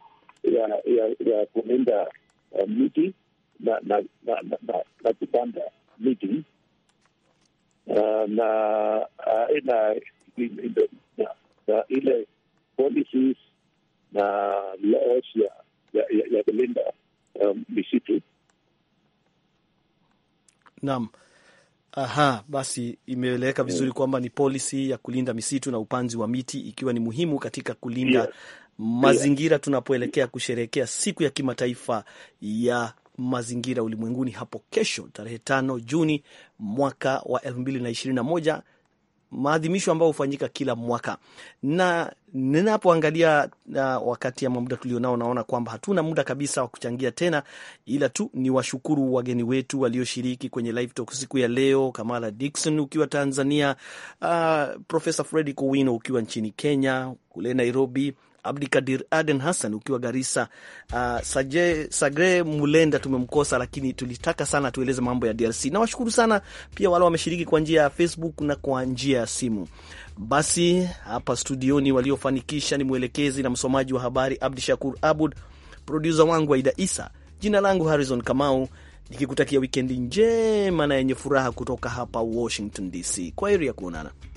ya ya kulinda uh, miti na kupanda miti uh, na aina uh, ile policies na laws ya kulinda um, misitu Naam. Aha, basi imeeleweka mm. vizuri kwamba ni polisi ya kulinda misitu na upanzi wa miti ikiwa ni muhimu katika kulinda yeah, mazingira tunapoelekea kusherehekea siku ya kimataifa ya mazingira ulimwenguni hapo kesho tarehe tano Juni mwaka wa elfu mbili na ishirini na moja maadhimisho ambayo hufanyika kila mwaka, na ninapoangalia uh, wakati ama muda tulionao, naona kwamba hatuna muda kabisa wa kuchangia tena, ila tu ni washukuru wageni wetu walioshiriki kwenye live talk siku ya leo, Kamala Dixon ukiwa Tanzania, uh, Profesa Fredi Kowino ukiwa nchini Kenya kule Nairobi, Abdikadir Aden Hassan ukiwa Garisa. Uh, ah, Saje, Sagre Mulenda tumemkosa, lakini tulitaka sana tueleze mambo ya DRC. Nawashukuru sana pia wale wameshiriki kwa njia ya Facebook na kwa njia ya simu. Basi hapa studioni waliofanikisha ni mwelekezi na msomaji wa habari Abdi Shakur Abud, produsa wangu Aida Isa. Jina langu Harrison Kamau, nikikutakia wikendi njema na yenye furaha kutoka hapa Washington DC. Kwa heri ya kuonana.